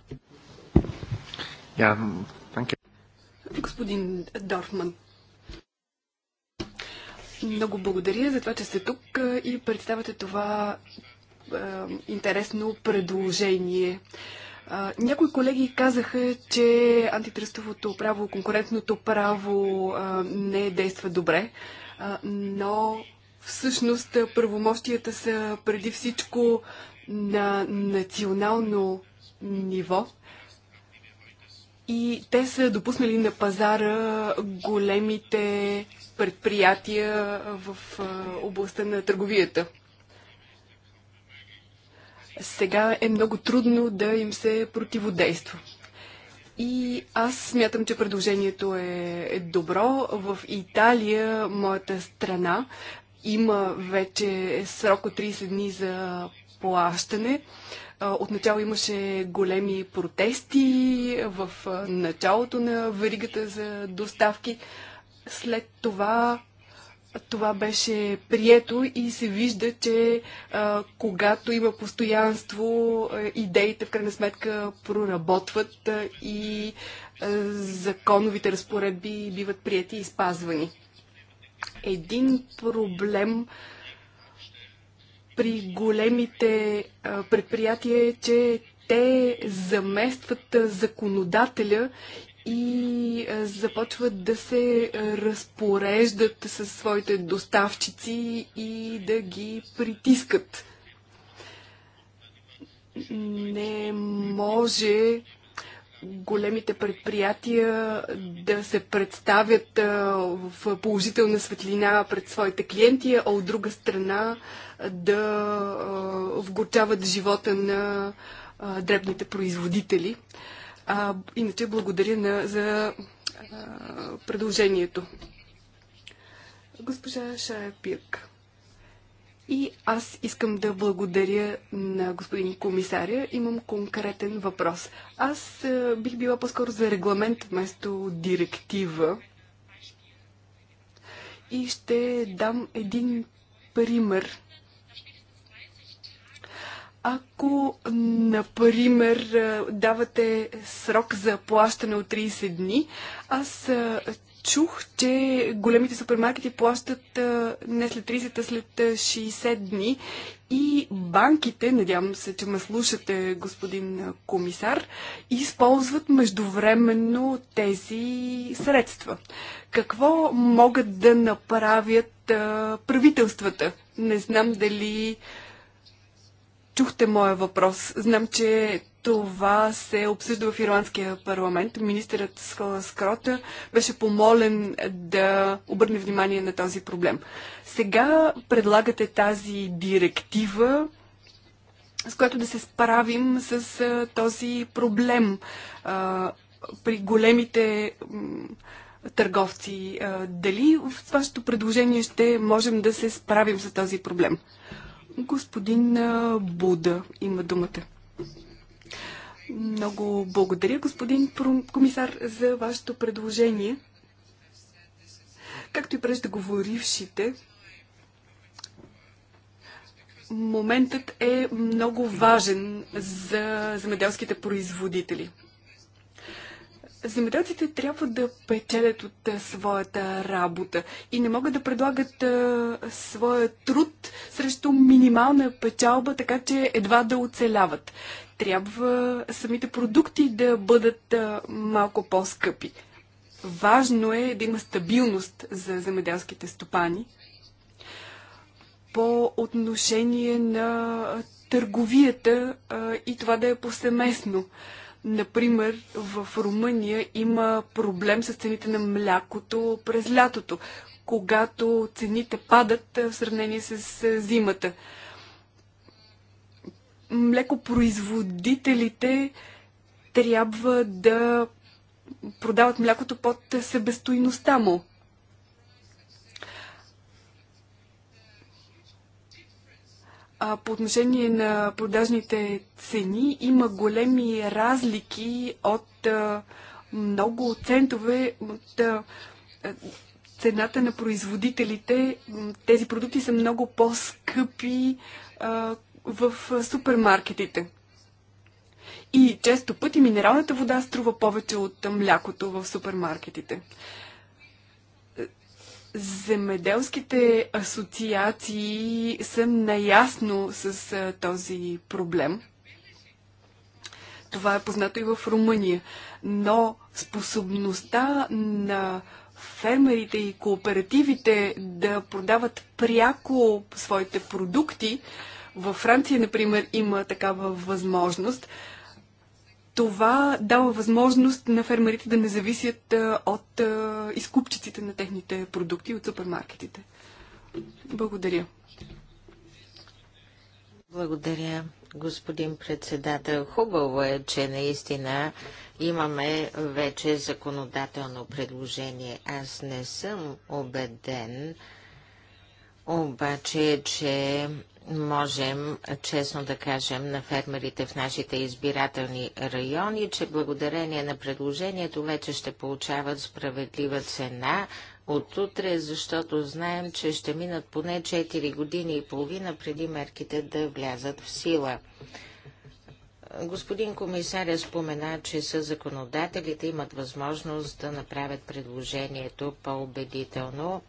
Yeah, Господин Дорфман. Много благодаря за това, че сте тук и представяте това е, интересно предложение. Някои колеги казаха, че антитръстовото право, конкурентното право не действа добре, но всъщност правомощията са преди всичко на национално ниво. И те са допуснали на пазара големите предприятия в областта на търговията. Сега е много трудно да им се противодейства. И аз смятам, че предложението е, е добро. В Италия, моята страна, има вече срок от 30 дни за плащане. Отначало имаше големи протести в началото на веригата за доставки. След това това беше прието и се вижда, че а, когато има постоянство, идеите в крайна сметка проработват и а, законовите разпоредби биват прияти и спазвани. Един проблем, при големите предприятия е, че те заместват законодателя и започват да се разпореждат със своите доставчици и да ги притискат. Не може големите предприятия да се представят в положителна светлина пред своите клиенти, а от друга страна да вгорчават живота на дребните производители. А, иначе благодаря на, за а, предложението. Госпожа Шая Пирк. И аз искам да благодаря на господин комисаря. Имам конкретен въпрос. Аз е, бих била по-скоро за регламент вместо директива. И ще дам един пример. Ако, например, е, давате срок за плащане от 30 дни, аз е, чух, че големите супермаркети плащат не след 30, а след 60 дни и банките, надявам се, че ме слушате, господин комисар, използват междувременно тези средства. Какво могат да направят правителствата? Не знам дали чухте моя въпрос. Знам, че това се обсъжда в Ирландския парламент. Министърът Скала Скрота беше помолен да обърне внимание на този проблем. Сега предлагате тази директива, с която да се справим с този проблем а, при големите търговци. А, дали в вашето предложение ще можем да се справим с този проблем? Господин Буда има думата. Много благодаря, господин комисар, за вашето предложение. Както и преждеговорившите, моментът е много важен за земеделските производители. Земеделците трябва да печелят от своята работа и не могат да предлагат а, своя труд срещу минимална печалба, така че едва да оцеляват трябва самите продукти да бъдат малко по-скъпи. Важно е да има стабилност за земеделските стопани по отношение на търговията и това да е повсеместно. Например, в Румъния има проблем с цените на млякото през лятото, когато цените падат в сравнение с зимата млекопроизводителите трябва да продават млякото под себестойността му. А по отношение на продажните цени има големи разлики от много центове от цената на производителите. Тези продукти са много по-скъпи, в супермаркетите. И често пъти минералната вода струва повече от млякото в супермаркетите. Е, земеделските асоциации са наясно с този проблем. Това е познато и в Румъния. Но способността на фермерите и кооперативите да продават пряко своите продукти, във Франция, например, има такава възможност. Това дава възможност на фермерите да не зависят от изкупчиците на техните продукти от супермаркетите. Благодаря. Благодаря, господин председател. Хубаво е, че наистина имаме вече законодателно предложение. Аз не съм убеден, обаче, че можем честно да кажем на фермерите в нашите избирателни райони, че благодарение на предложението вече ще получават справедлива цена от утре, защото знаем, че ще минат поне 4 години и половина преди мерките да влязат в сила. Господин комисаря спомена, че са законодателите имат възможност да направят предложението по-убедително,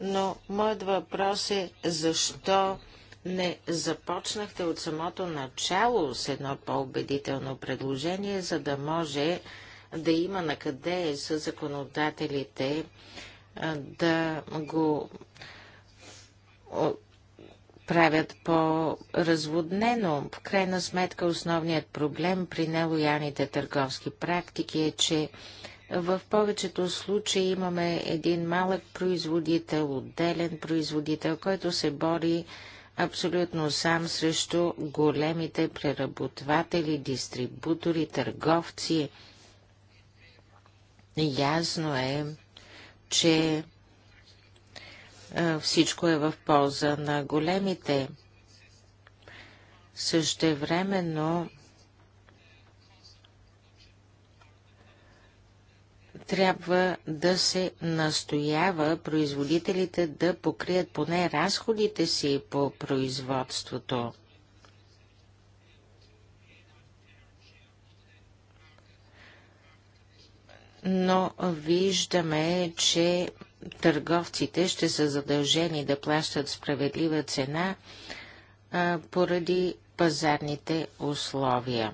но моят въпрос е защо не започнахте от самото начало с едно по-убедително предложение, за да може да има на къде с законодателите да го правят по-разводнено. В крайна сметка основният проблем при нелояните търговски практики е, че в повечето случаи имаме един малък производител, отделен производител, който се бори абсолютно сам срещу големите преработватели, дистрибутори, търговци. Ясно е, че всичко е в полза на големите. Същевременно трябва да се настоява производителите да покрият поне разходите си по производството. Но виждаме, че търговците ще са задължени да плащат справедлива цена а, поради пазарните условия.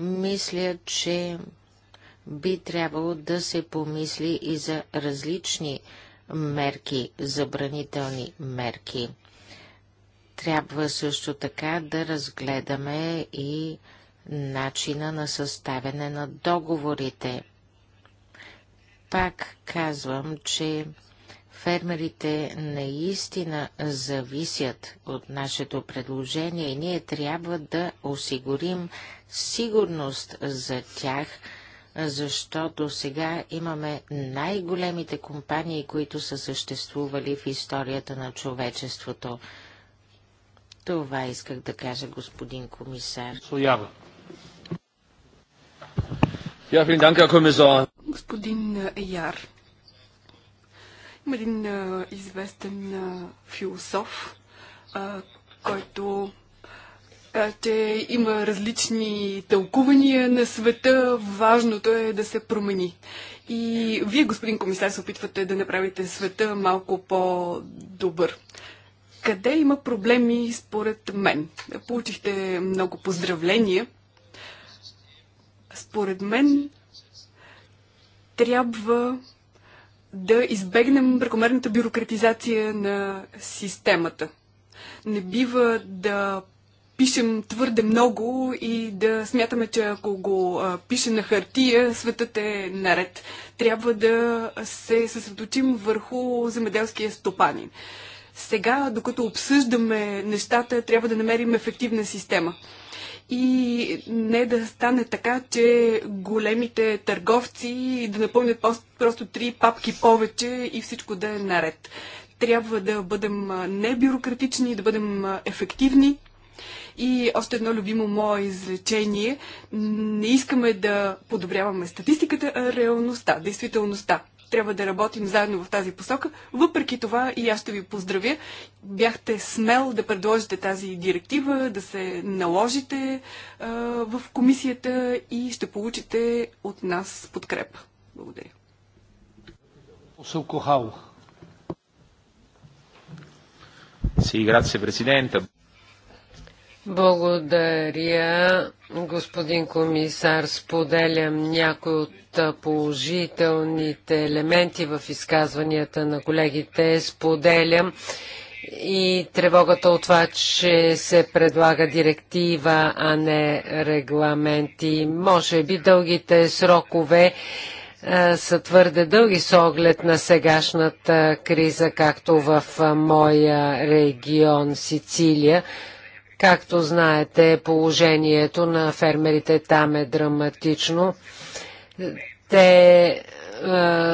Мисля, че би трябвало да се помисли и за различни мерки, забранителни мерки. Трябва също така да разгледаме и начина на съставяне на договорите. Пак казвам, че Фермерите наистина зависят от нашето предложение и ние трябва да осигурим сигурност за тях, защото сега имаме най-големите компании, които са съществували в историята на човечеството. Това исках да кажа, господин комисар. Господин Яр, има един а, известен а, философ, а, който а, че има различни тълкувания на света, важното е да се промени. И вие, господин комисар, се опитвате да направите света малко по-добър. Къде има проблеми според мен? Получихте много поздравления. Според мен трябва да избегнем прекомерната бюрократизация на системата. Не бива да пишем твърде много и да смятаме, че ако го пише на хартия, светът е наред. Трябва да се съсредоточим върху земеделския стопанин. Сега, докато обсъждаме нещата, трябва да намерим ефективна система и не да стане така, че големите търговци да напълнят просто три папки повече и всичко да е наред. Трябва да бъдем небюрократични, да бъдем ефективни. И още едно любимо мое изречение. Не искаме да подобряваме статистиката, а реалността, действителността трябва да работим заедно в тази посока. Въпреки това и аз ще ви поздравя. Бяхте смел да предложите тази директива, да се наложите а, в комисията и ще получите от нас подкрепа. Благодаря. Sì, grazie Presidente. Благодаря, господин комисар. Споделям някои от положителните елементи в изказванията на колегите. Споделям и тревогата от това, че се предлага директива, а не регламенти. Може би дългите срокове са твърде дълги с оглед на сегашната криза, както в моя регион Сицилия Както знаете, положението на фермерите там е драматично. Те е,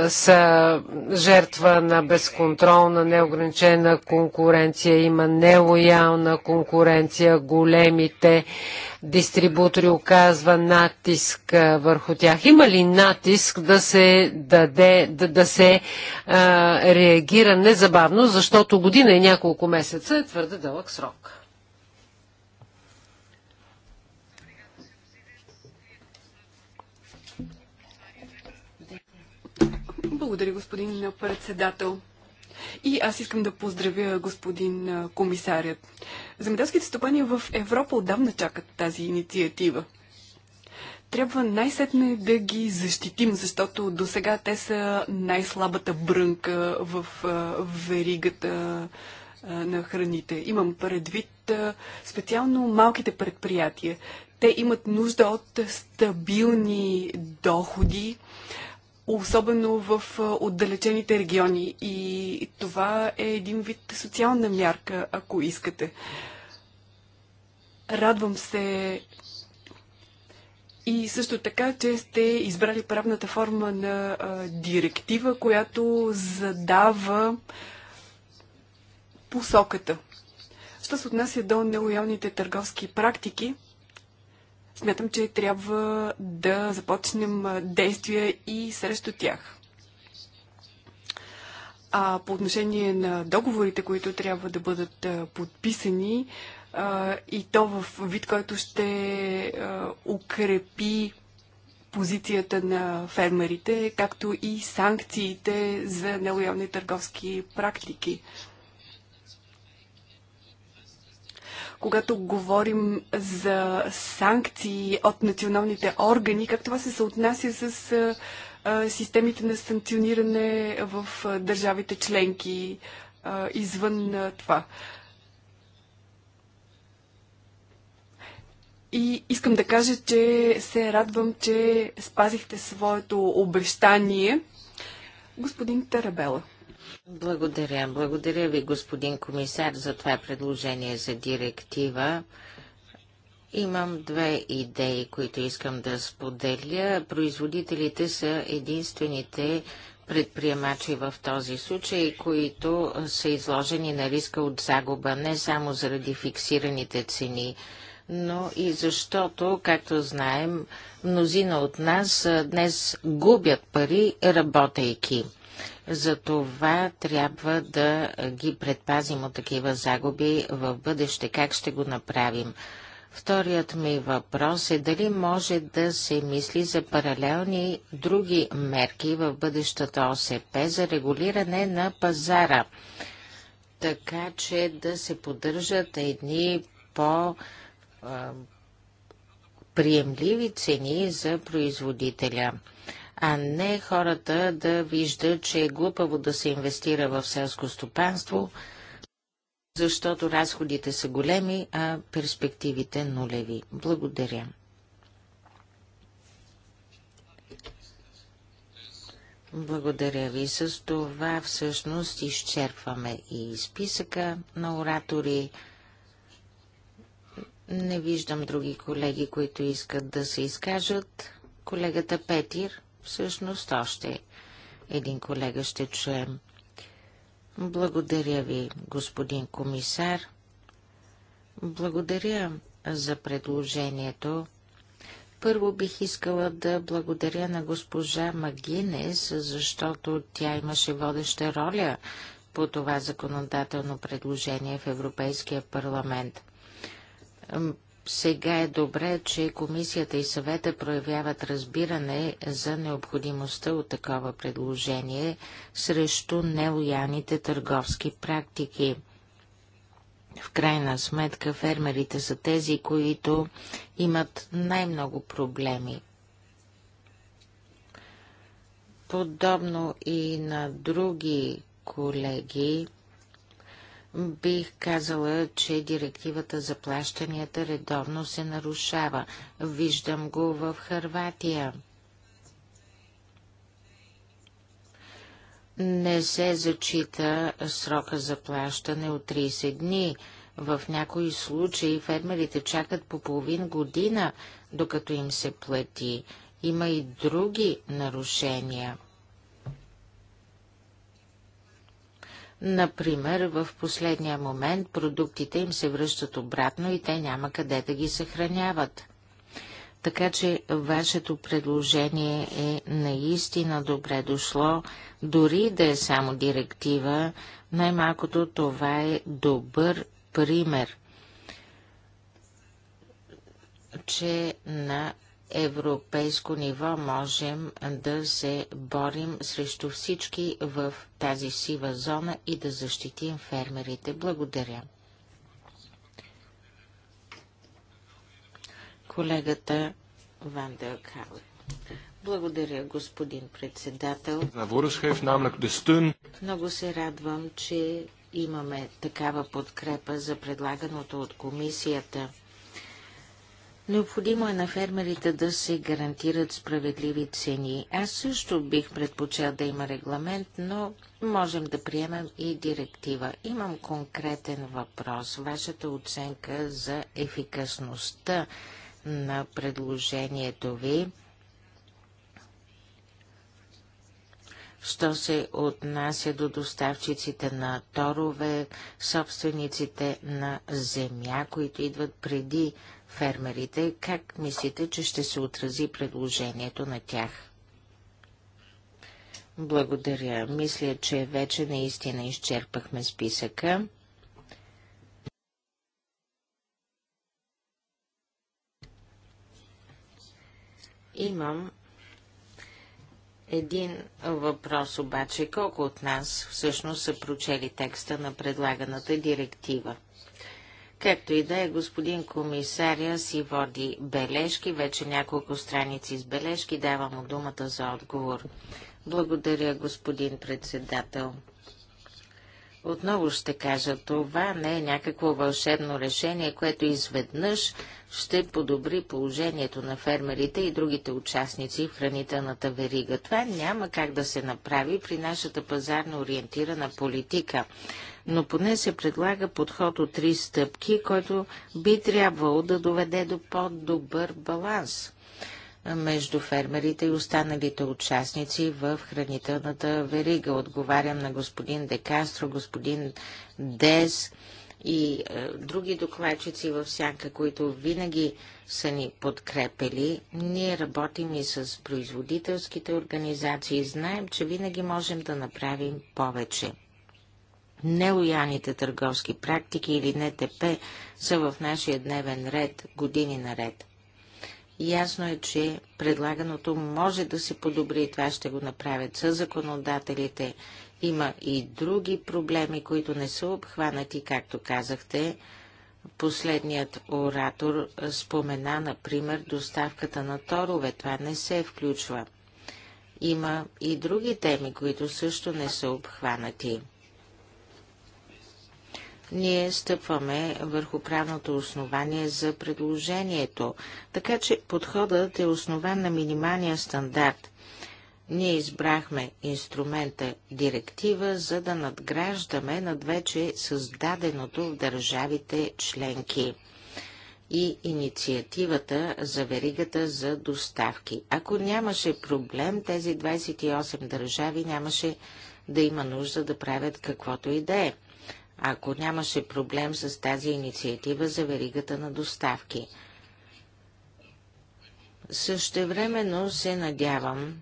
са жертва на безконтролна, неограничена конкуренция, има нелоялна конкуренция, големите дистрибутори оказва натиск е, върху тях. Има ли натиск да се даде, да, да се е, реагира незабавно, защото година и няколко месеца е твърде дълъг срок? Благодаря, господин председател. И аз искам да поздравя господин комисарят. Земеделските стопани в Европа отдавна чакат тази инициатива. Трябва най-сетне да ги защитим, защото до сега те са най-слабата брънка в веригата на храните. Имам предвид специално малките предприятия. Те имат нужда от стабилни доходи, особено в отдалечените региони. И това е един вид социална мярка, ако искате. Радвам се и също така, че сте избрали правната форма на директива, която задава посоката. Що се отнася до нелоялните търговски практики, смятам, че трябва да започнем действия и срещу тях. А по отношение на договорите, които трябва да бъдат подписани, и то в вид, който ще укрепи позицията на фермерите, както и санкциите за нелоялни търговски практики. когато говорим за санкции от националните органи, как това се съотнася с системите на санкциониране в държавите членки извън това. И искам да кажа, че се радвам, че спазихте своето обещание. Господин Тарабела. Благодаря. Благодаря ви, господин комисар, за това предложение за директива. Имам две идеи, които искам да споделя. Производителите са единствените предприемачи в този случай, които са изложени на риска от загуба не само заради фиксираните цени, но и защото, както знаем, мнозина от нас днес губят пари, работейки. За това трябва да ги предпазим от такива загуби в бъдеще. Как ще го направим? Вторият ми въпрос е дали може да се мисли за паралелни други мерки в бъдещата ОСП за регулиране на пазара, така че да се поддържат едни по приемливи цени за производителя а не хората да виждат, че е глупаво да се инвестира в селско стопанство, защото разходите са големи, а перспективите нулеви. Благодаря. Благодаря ви. С това всъщност изчерпваме и списъка на оратори. Не виждам други колеги, които искат да се изкажат. Колегата Петир. Всъщност още един колега ще чуем. Благодаря ви, господин комисар. Благодаря за предложението. Първо бих искала да благодаря на госпожа Магинес, защото тя имаше водеща роля по това законодателно предложение в Европейския парламент. Сега е добре, че комисията и съвета проявяват разбиране за необходимостта от такова предложение срещу нелояните търговски практики. В крайна сметка фермерите са тези, които имат най-много проблеми. Подобно и на други колеги, Бих казала, че директивата за плащанията редовно се нарушава. Виждам го в Харватия. Не се зачита срока за плащане от 30 дни. В някои случаи фермерите чакат по половин година, докато им се плати. Има и други нарушения – Например, в последния момент продуктите им се връщат обратно и те няма къде да ги съхраняват. Така че вашето предложение е наистина добре дошло, дори да е само директива, най-малкото това е добър пример, че на европейско ниво можем да се борим срещу всички в тази сива зона и да защитим фермерите. Благодаря. Колегата Ван Делкале. Благодаря, господин председател. Много се радвам, че имаме такава подкрепа за предлаганото от комисията. Необходимо е на фермерите да се гарантират справедливи цени. Аз също бих предпочел да има регламент, но можем да приемем и директива. Имам конкретен въпрос. Вашата оценка за ефикасността на предложението ви. що се отнася до доставчиците на торове, собствениците на земя, които идват преди фермерите, как мислите, че ще се отрази предложението на тях? Благодаря. Мисля, че вече наистина изчерпахме списъка. Имам един въпрос обаче. Колко от нас всъщност са прочели текста на предлаганата директива? Както и да е, господин комисаря си води бележки, вече няколко страници с бележки, давам му думата за отговор. Благодаря, господин председател. Отново ще кажа, това не е някакво вълшебно решение, което изведнъж ще подобри положението на фермерите и другите участници в хранителната верига. Това няма как да се направи при нашата пазарно ориентирана политика, но поне се предлага подход от три стъпки, който би трябвало да доведе до по-добър баланс между фермерите и останалите участници в хранителната верига. Отговарям на господин Декастро, господин Дез и е, други докладчици в сянка, които винаги са ни подкрепили. Ние работим и с производителските организации. Знаем, че винаги можем да направим повече. Нелояните търговски практики или НТП са в нашия дневен ред години наред. Ясно е, че предлаганото може да се подобри и това ще го направят с законодателите. Има и други проблеми, които не са обхванати, както казахте. Последният оратор спомена, например, доставката на торове. Това не се включва. Има и други теми, които също не са обхванати ние стъпваме върху правното основание за предложението, така че подходът е основан на минималния стандарт. Ние избрахме инструмента директива, за да надграждаме над вече създаденото в държавите членки и инициативата за веригата за доставки. Ако нямаше проблем, тези 28 държави нямаше да има нужда да правят каквото и да е ако нямаше проблем с тази инициатива за веригата на доставки. Същевременно се надявам,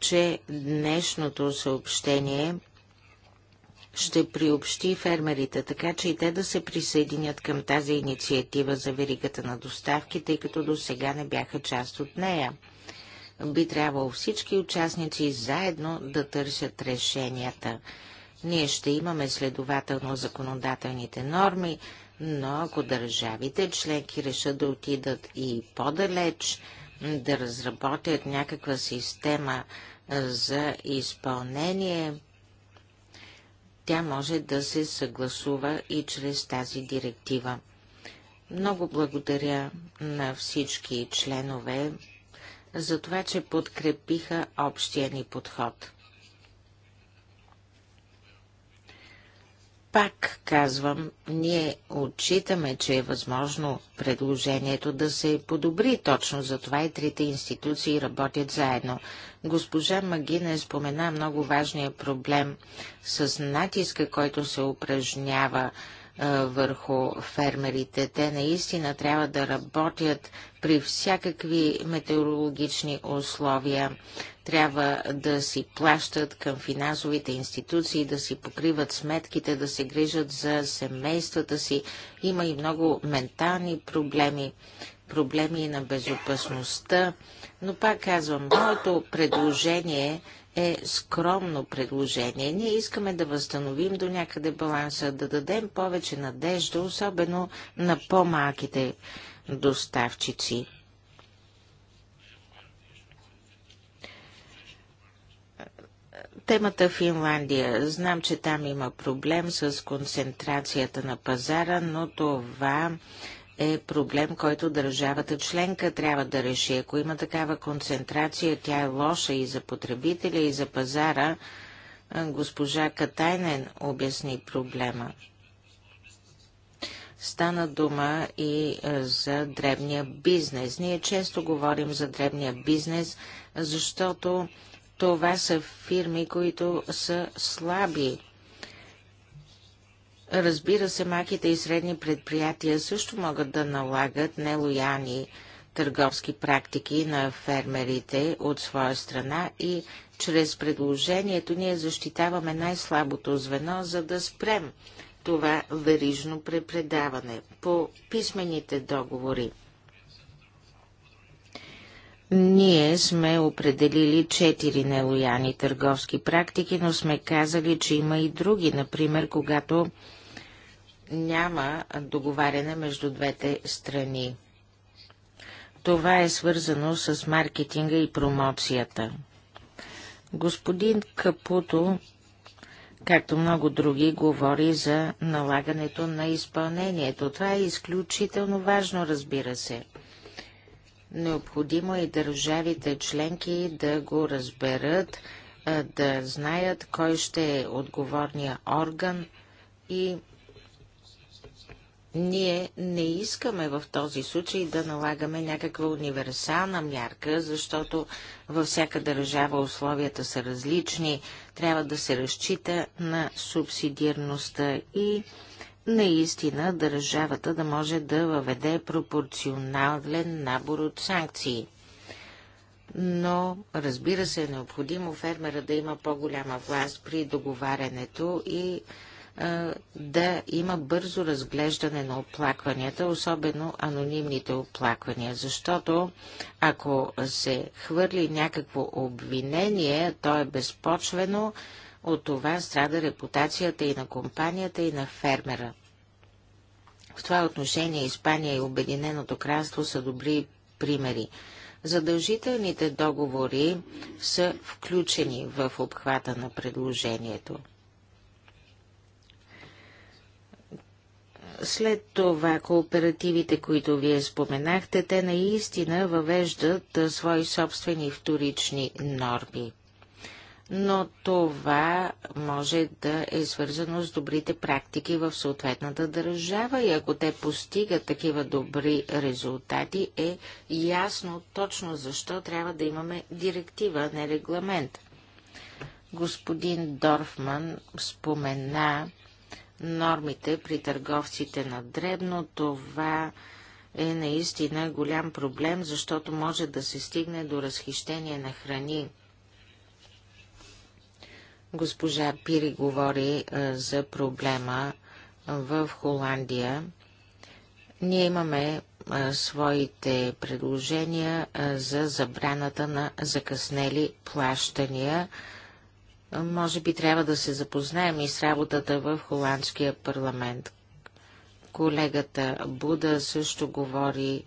че днешното съобщение ще приобщи фермерите, така че и те да се присъединят към тази инициатива за веригата на доставки, тъй като до сега не бяха част от нея. Би трябвало всички участници заедно да търсят решенията. Ние ще имаме следователно законодателните норми, но ако държавите членки решат да отидат и по-далеч, да разработят някаква система за изпълнение, тя може да се съгласува и чрез тази директива. Много благодаря на всички членове за това, че подкрепиха общия ни подход. Пак казвам, ние отчитаме, че е възможно предложението да се подобри. Точно за това и трите институции работят заедно. Госпожа Магина спомена много важния проблем с натиска, който се упражнява върху фермерите. Те наистина трябва да работят при всякакви метеорологични условия. Трябва да си плащат към финансовите институции, да си покриват сметките, да се грижат за семействата си. Има и много ментални проблеми, проблеми на безопасността. Но пак казвам, моето предложение е е скромно предложение. Ние искаме да възстановим до някъде баланса, да дадем повече надежда, особено на по-малките доставчици. Темата Финландия. Знам, че там има проблем с концентрацията на пазара, но това е проблем, който държавата членка трябва да реши. Ако има такава концентрация, тя е лоша и за потребителя, и за пазара. Госпожа Катайнен обясни проблема. Стана дума и за дребния бизнес. Ние често говорим за дребния бизнес, защото това са фирми, които са слаби Разбира се, маките и средни предприятия също могат да налагат нелояни търговски практики на фермерите от своя страна и чрез предложението ние защитаваме най-слабото звено, за да спрем това верижно препредаване по писмените договори. Ние сме определили четири нелояни търговски практики, но сме казали, че има и други, например, когато няма договаряне между двете страни. Това е свързано с маркетинга и промоцията. Господин Капуто, както много други, говори за налагането на изпълнението. Това е изключително важно, разбира се. Необходимо е държавите членки да го разберат, да знаят кой ще е отговорния орган и ние не искаме в този случай да налагаме някаква универсална мярка, защото във всяка държава условията са различни. Трябва да се разчита на субсидиарността и наистина държавата да може да въведе пропорционален набор от санкции. Но, разбира се, е необходимо фермера да има по-голяма власт при договарянето и да има бързо разглеждане на оплакванията, особено анонимните оплаквания, защото ако се хвърли някакво обвинение, то е безпочвено, от това страда репутацията и на компанията, и на фермера. В това отношение Испания и Обединеното кралство са добри примери. Задължителните договори са включени в обхвата на предложението. След това кооперативите, които вие споменахте, те наистина въвеждат свои собствени вторични норми. Но това може да е свързано с добрите практики в съответната държава и ако те постигат такива добри резултати, е ясно точно защо трябва да имаме директива, а не регламент. Господин Дорфман спомена нормите при търговците на дребно. Това е наистина голям проблем, защото може да се стигне до разхищение на храни. Госпожа Пири говори а, за проблема в Холандия. Ние имаме а, своите предложения а, за забраната на закъснели плащания. Може би трябва да се запознаем и с работата в Холандския парламент. Колегата Буда също говори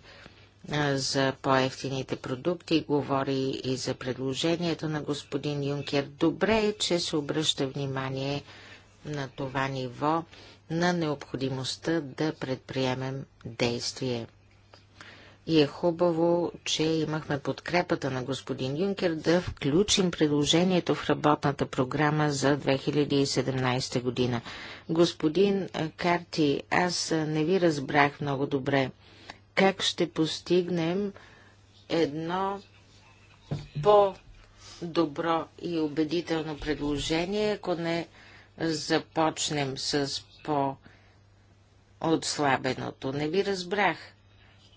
за по-ефтините продукти, говори и за предложението на господин Юнкер. Добре е, че се обръща внимание на това ниво на необходимостта да предприемем действие и е хубаво, че имахме подкрепата на господин Юнкер да включим предложението в работната програма за 2017 година. Господин Карти, аз не ви разбрах много добре. Как ще постигнем едно по-добро и убедително предложение, ако не започнем с по-отслабеното? Не ви разбрах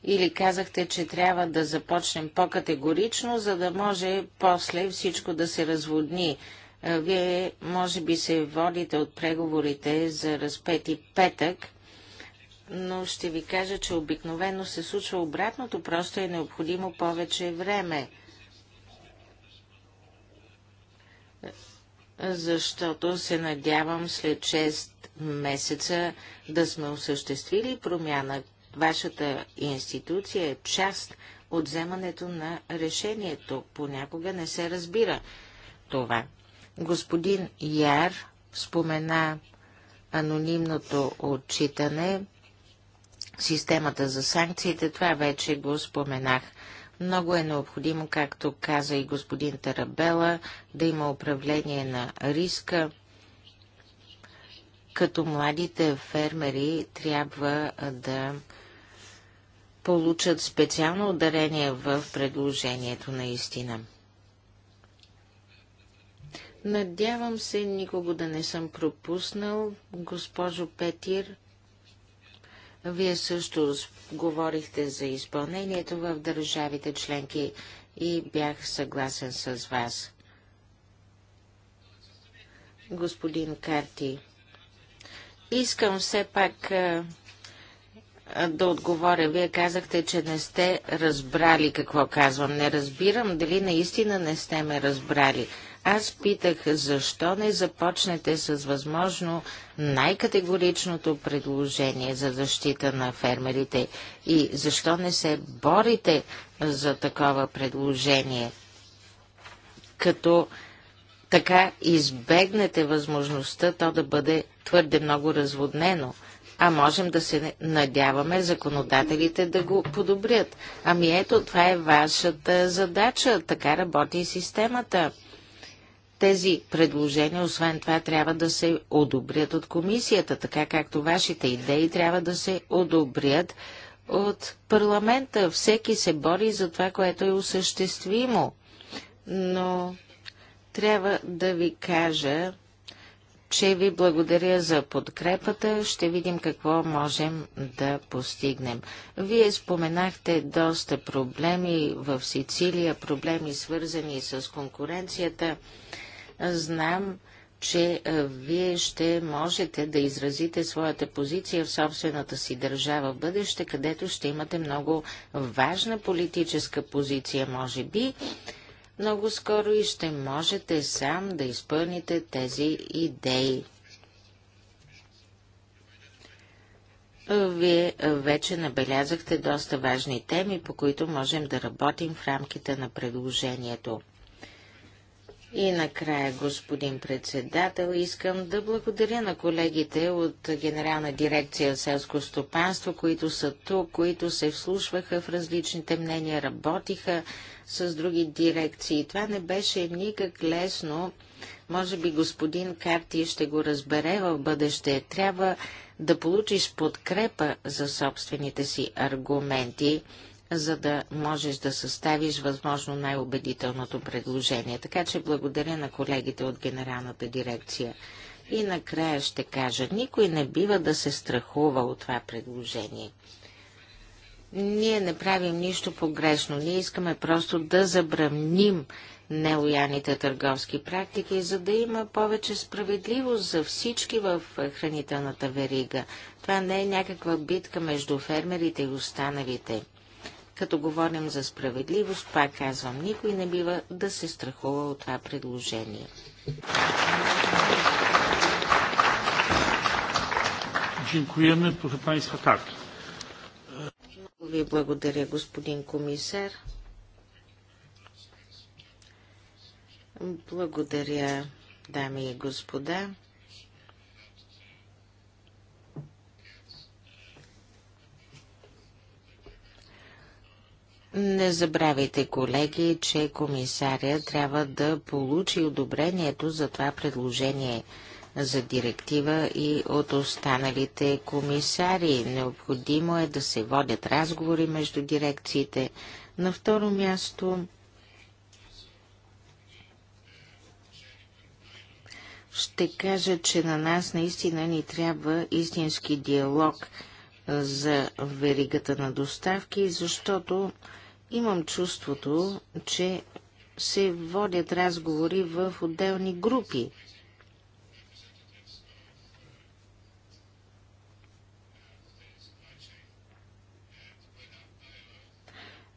или казахте, че трябва да започнем по-категорично, за да може после всичко да се разводни. Вие може би се водите от преговорите за разпети петък, но ще ви кажа, че обикновено се случва обратното, просто е необходимо повече време. Защото се надявам след 6 месеца да сме осъществили промяна, Вашата институция е част от вземането на решението. Понякога не се разбира това. Господин Яр спомена анонимното отчитане, системата за санкциите, това вече го споменах. Много е необходимо, както каза и господин Тарабела, да има управление на риска. Като младите фермери трябва да получат специално ударение в предложението наистина. Надявам се никого да не съм пропуснал. Госпожо Петир, вие също говорихте за изпълнението в държавите членки и бях съгласен с вас. Господин Карти, искам все пак да отговоря. Вие казахте, че не сте разбрали какво казвам. Не разбирам дали наистина не сте ме разбрали. Аз питах, защо не започнете с възможно най-категоричното предложение за защита на фермерите и защо не се борите за такова предложение, като така избегнете възможността то да бъде твърде много разводнено – а можем да се надяваме законодателите да го подобрят. Ами ето, това е вашата задача. Така работи и системата. Тези предложения, освен това, трябва да се одобрят от комисията, така както вашите идеи трябва да се одобрят от парламента. Всеки се бори за това, което е осъществимо. Но трябва да ви кажа, че ви благодаря за подкрепата. Ще видим какво можем да постигнем. Вие споменахте доста проблеми в Сицилия, проблеми свързани с конкуренцията. Знам, че вие ще можете да изразите своята позиция в собствената си държава в бъдеще, където ще имате много важна политическа позиция, може би много скоро и ще можете сам да изпълните тези идеи. Вие вече набелязахте доста важни теми, по които можем да работим в рамките на предложението. И накрая, господин председател, искам да благодаря на колегите от Генерална дирекция селско стопанство, които са тук, които се вслушваха в различните мнения, работиха с други дирекции. Това не беше никак лесно. Може би господин Карти ще го разбере в бъдеще. Трябва да получиш подкрепа за собствените си аргументи, за да можеш да съставиш възможно най-убедителното предложение. Така че благодаря на колегите от Генералната дирекция. И накрая ще кажа, никой не бива да се страхува от това предложение. Ние не правим нищо погрешно. Ние искаме просто да забраним нелояните търговски практики, за да има повече справедливост за всички в хранителната верига. Това не е някаква битка между фермерите и останалите. Като говорим за справедливост, пак казвам, никой не бива да се страхува от това предложение. Dziękujemy, proszę Państwa, tak. Ви благодаря, господин комисар. Благодаря, дами и господа. Не забравяйте, колеги, че комисаря трябва да получи одобрението за това предложение – за директива и от останалите комисари. Необходимо е да се водят разговори между дирекциите. На второ място ще кажа, че на нас наистина ни трябва истински диалог за веригата на доставки, защото имам чувството, че се водят разговори в отделни групи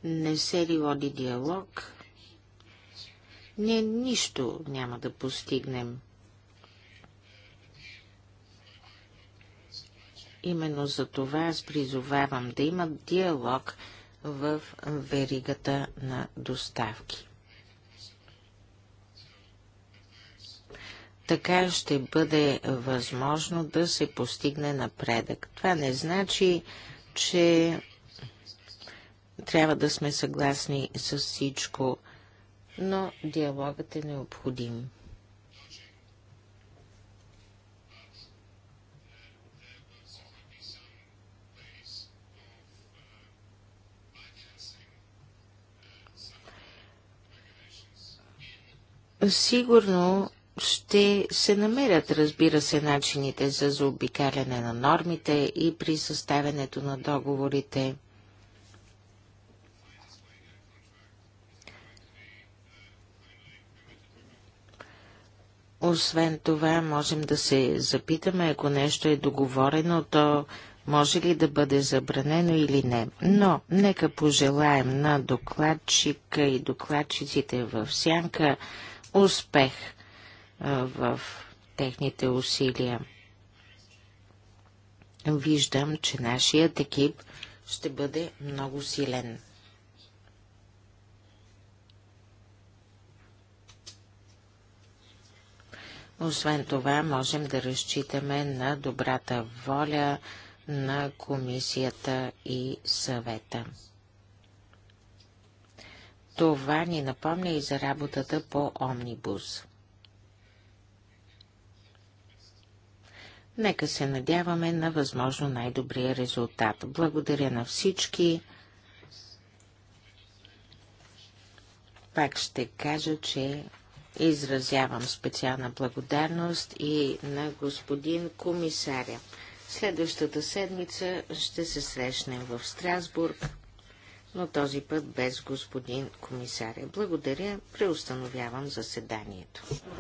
не се ли води диалог, ние нищо няма да постигнем. Именно за това аз призовавам да има диалог в веригата на доставки. Така ще бъде възможно да се постигне напредък. Това не значи, че трябва да сме съгласни с всичко, но диалогът е необходим. Сигурно ще се намерят, разбира се, начините за заобикаляне на нормите и при съставянето на договорите. Освен това, можем да се запитаме, ако нещо е договорено, то може ли да бъде забранено или не. Но нека пожелаем на докладчика и докладчиците в сянка успех в техните усилия. Виждам, че нашият екип ще бъде много силен. Освен това, можем да разчитаме на добрата воля на комисията и съвета. Това ни напомня и за работата по Омнибус. Нека се надяваме на възможно най-добрия резултат. Благодаря на всички. Пак ще кажа, че Изразявам специална благодарност и на господин комисаря. Следващата седмица ще се срещнем в Страсбург, но този път без господин комисаря. Благодаря, преустановявам заседанието.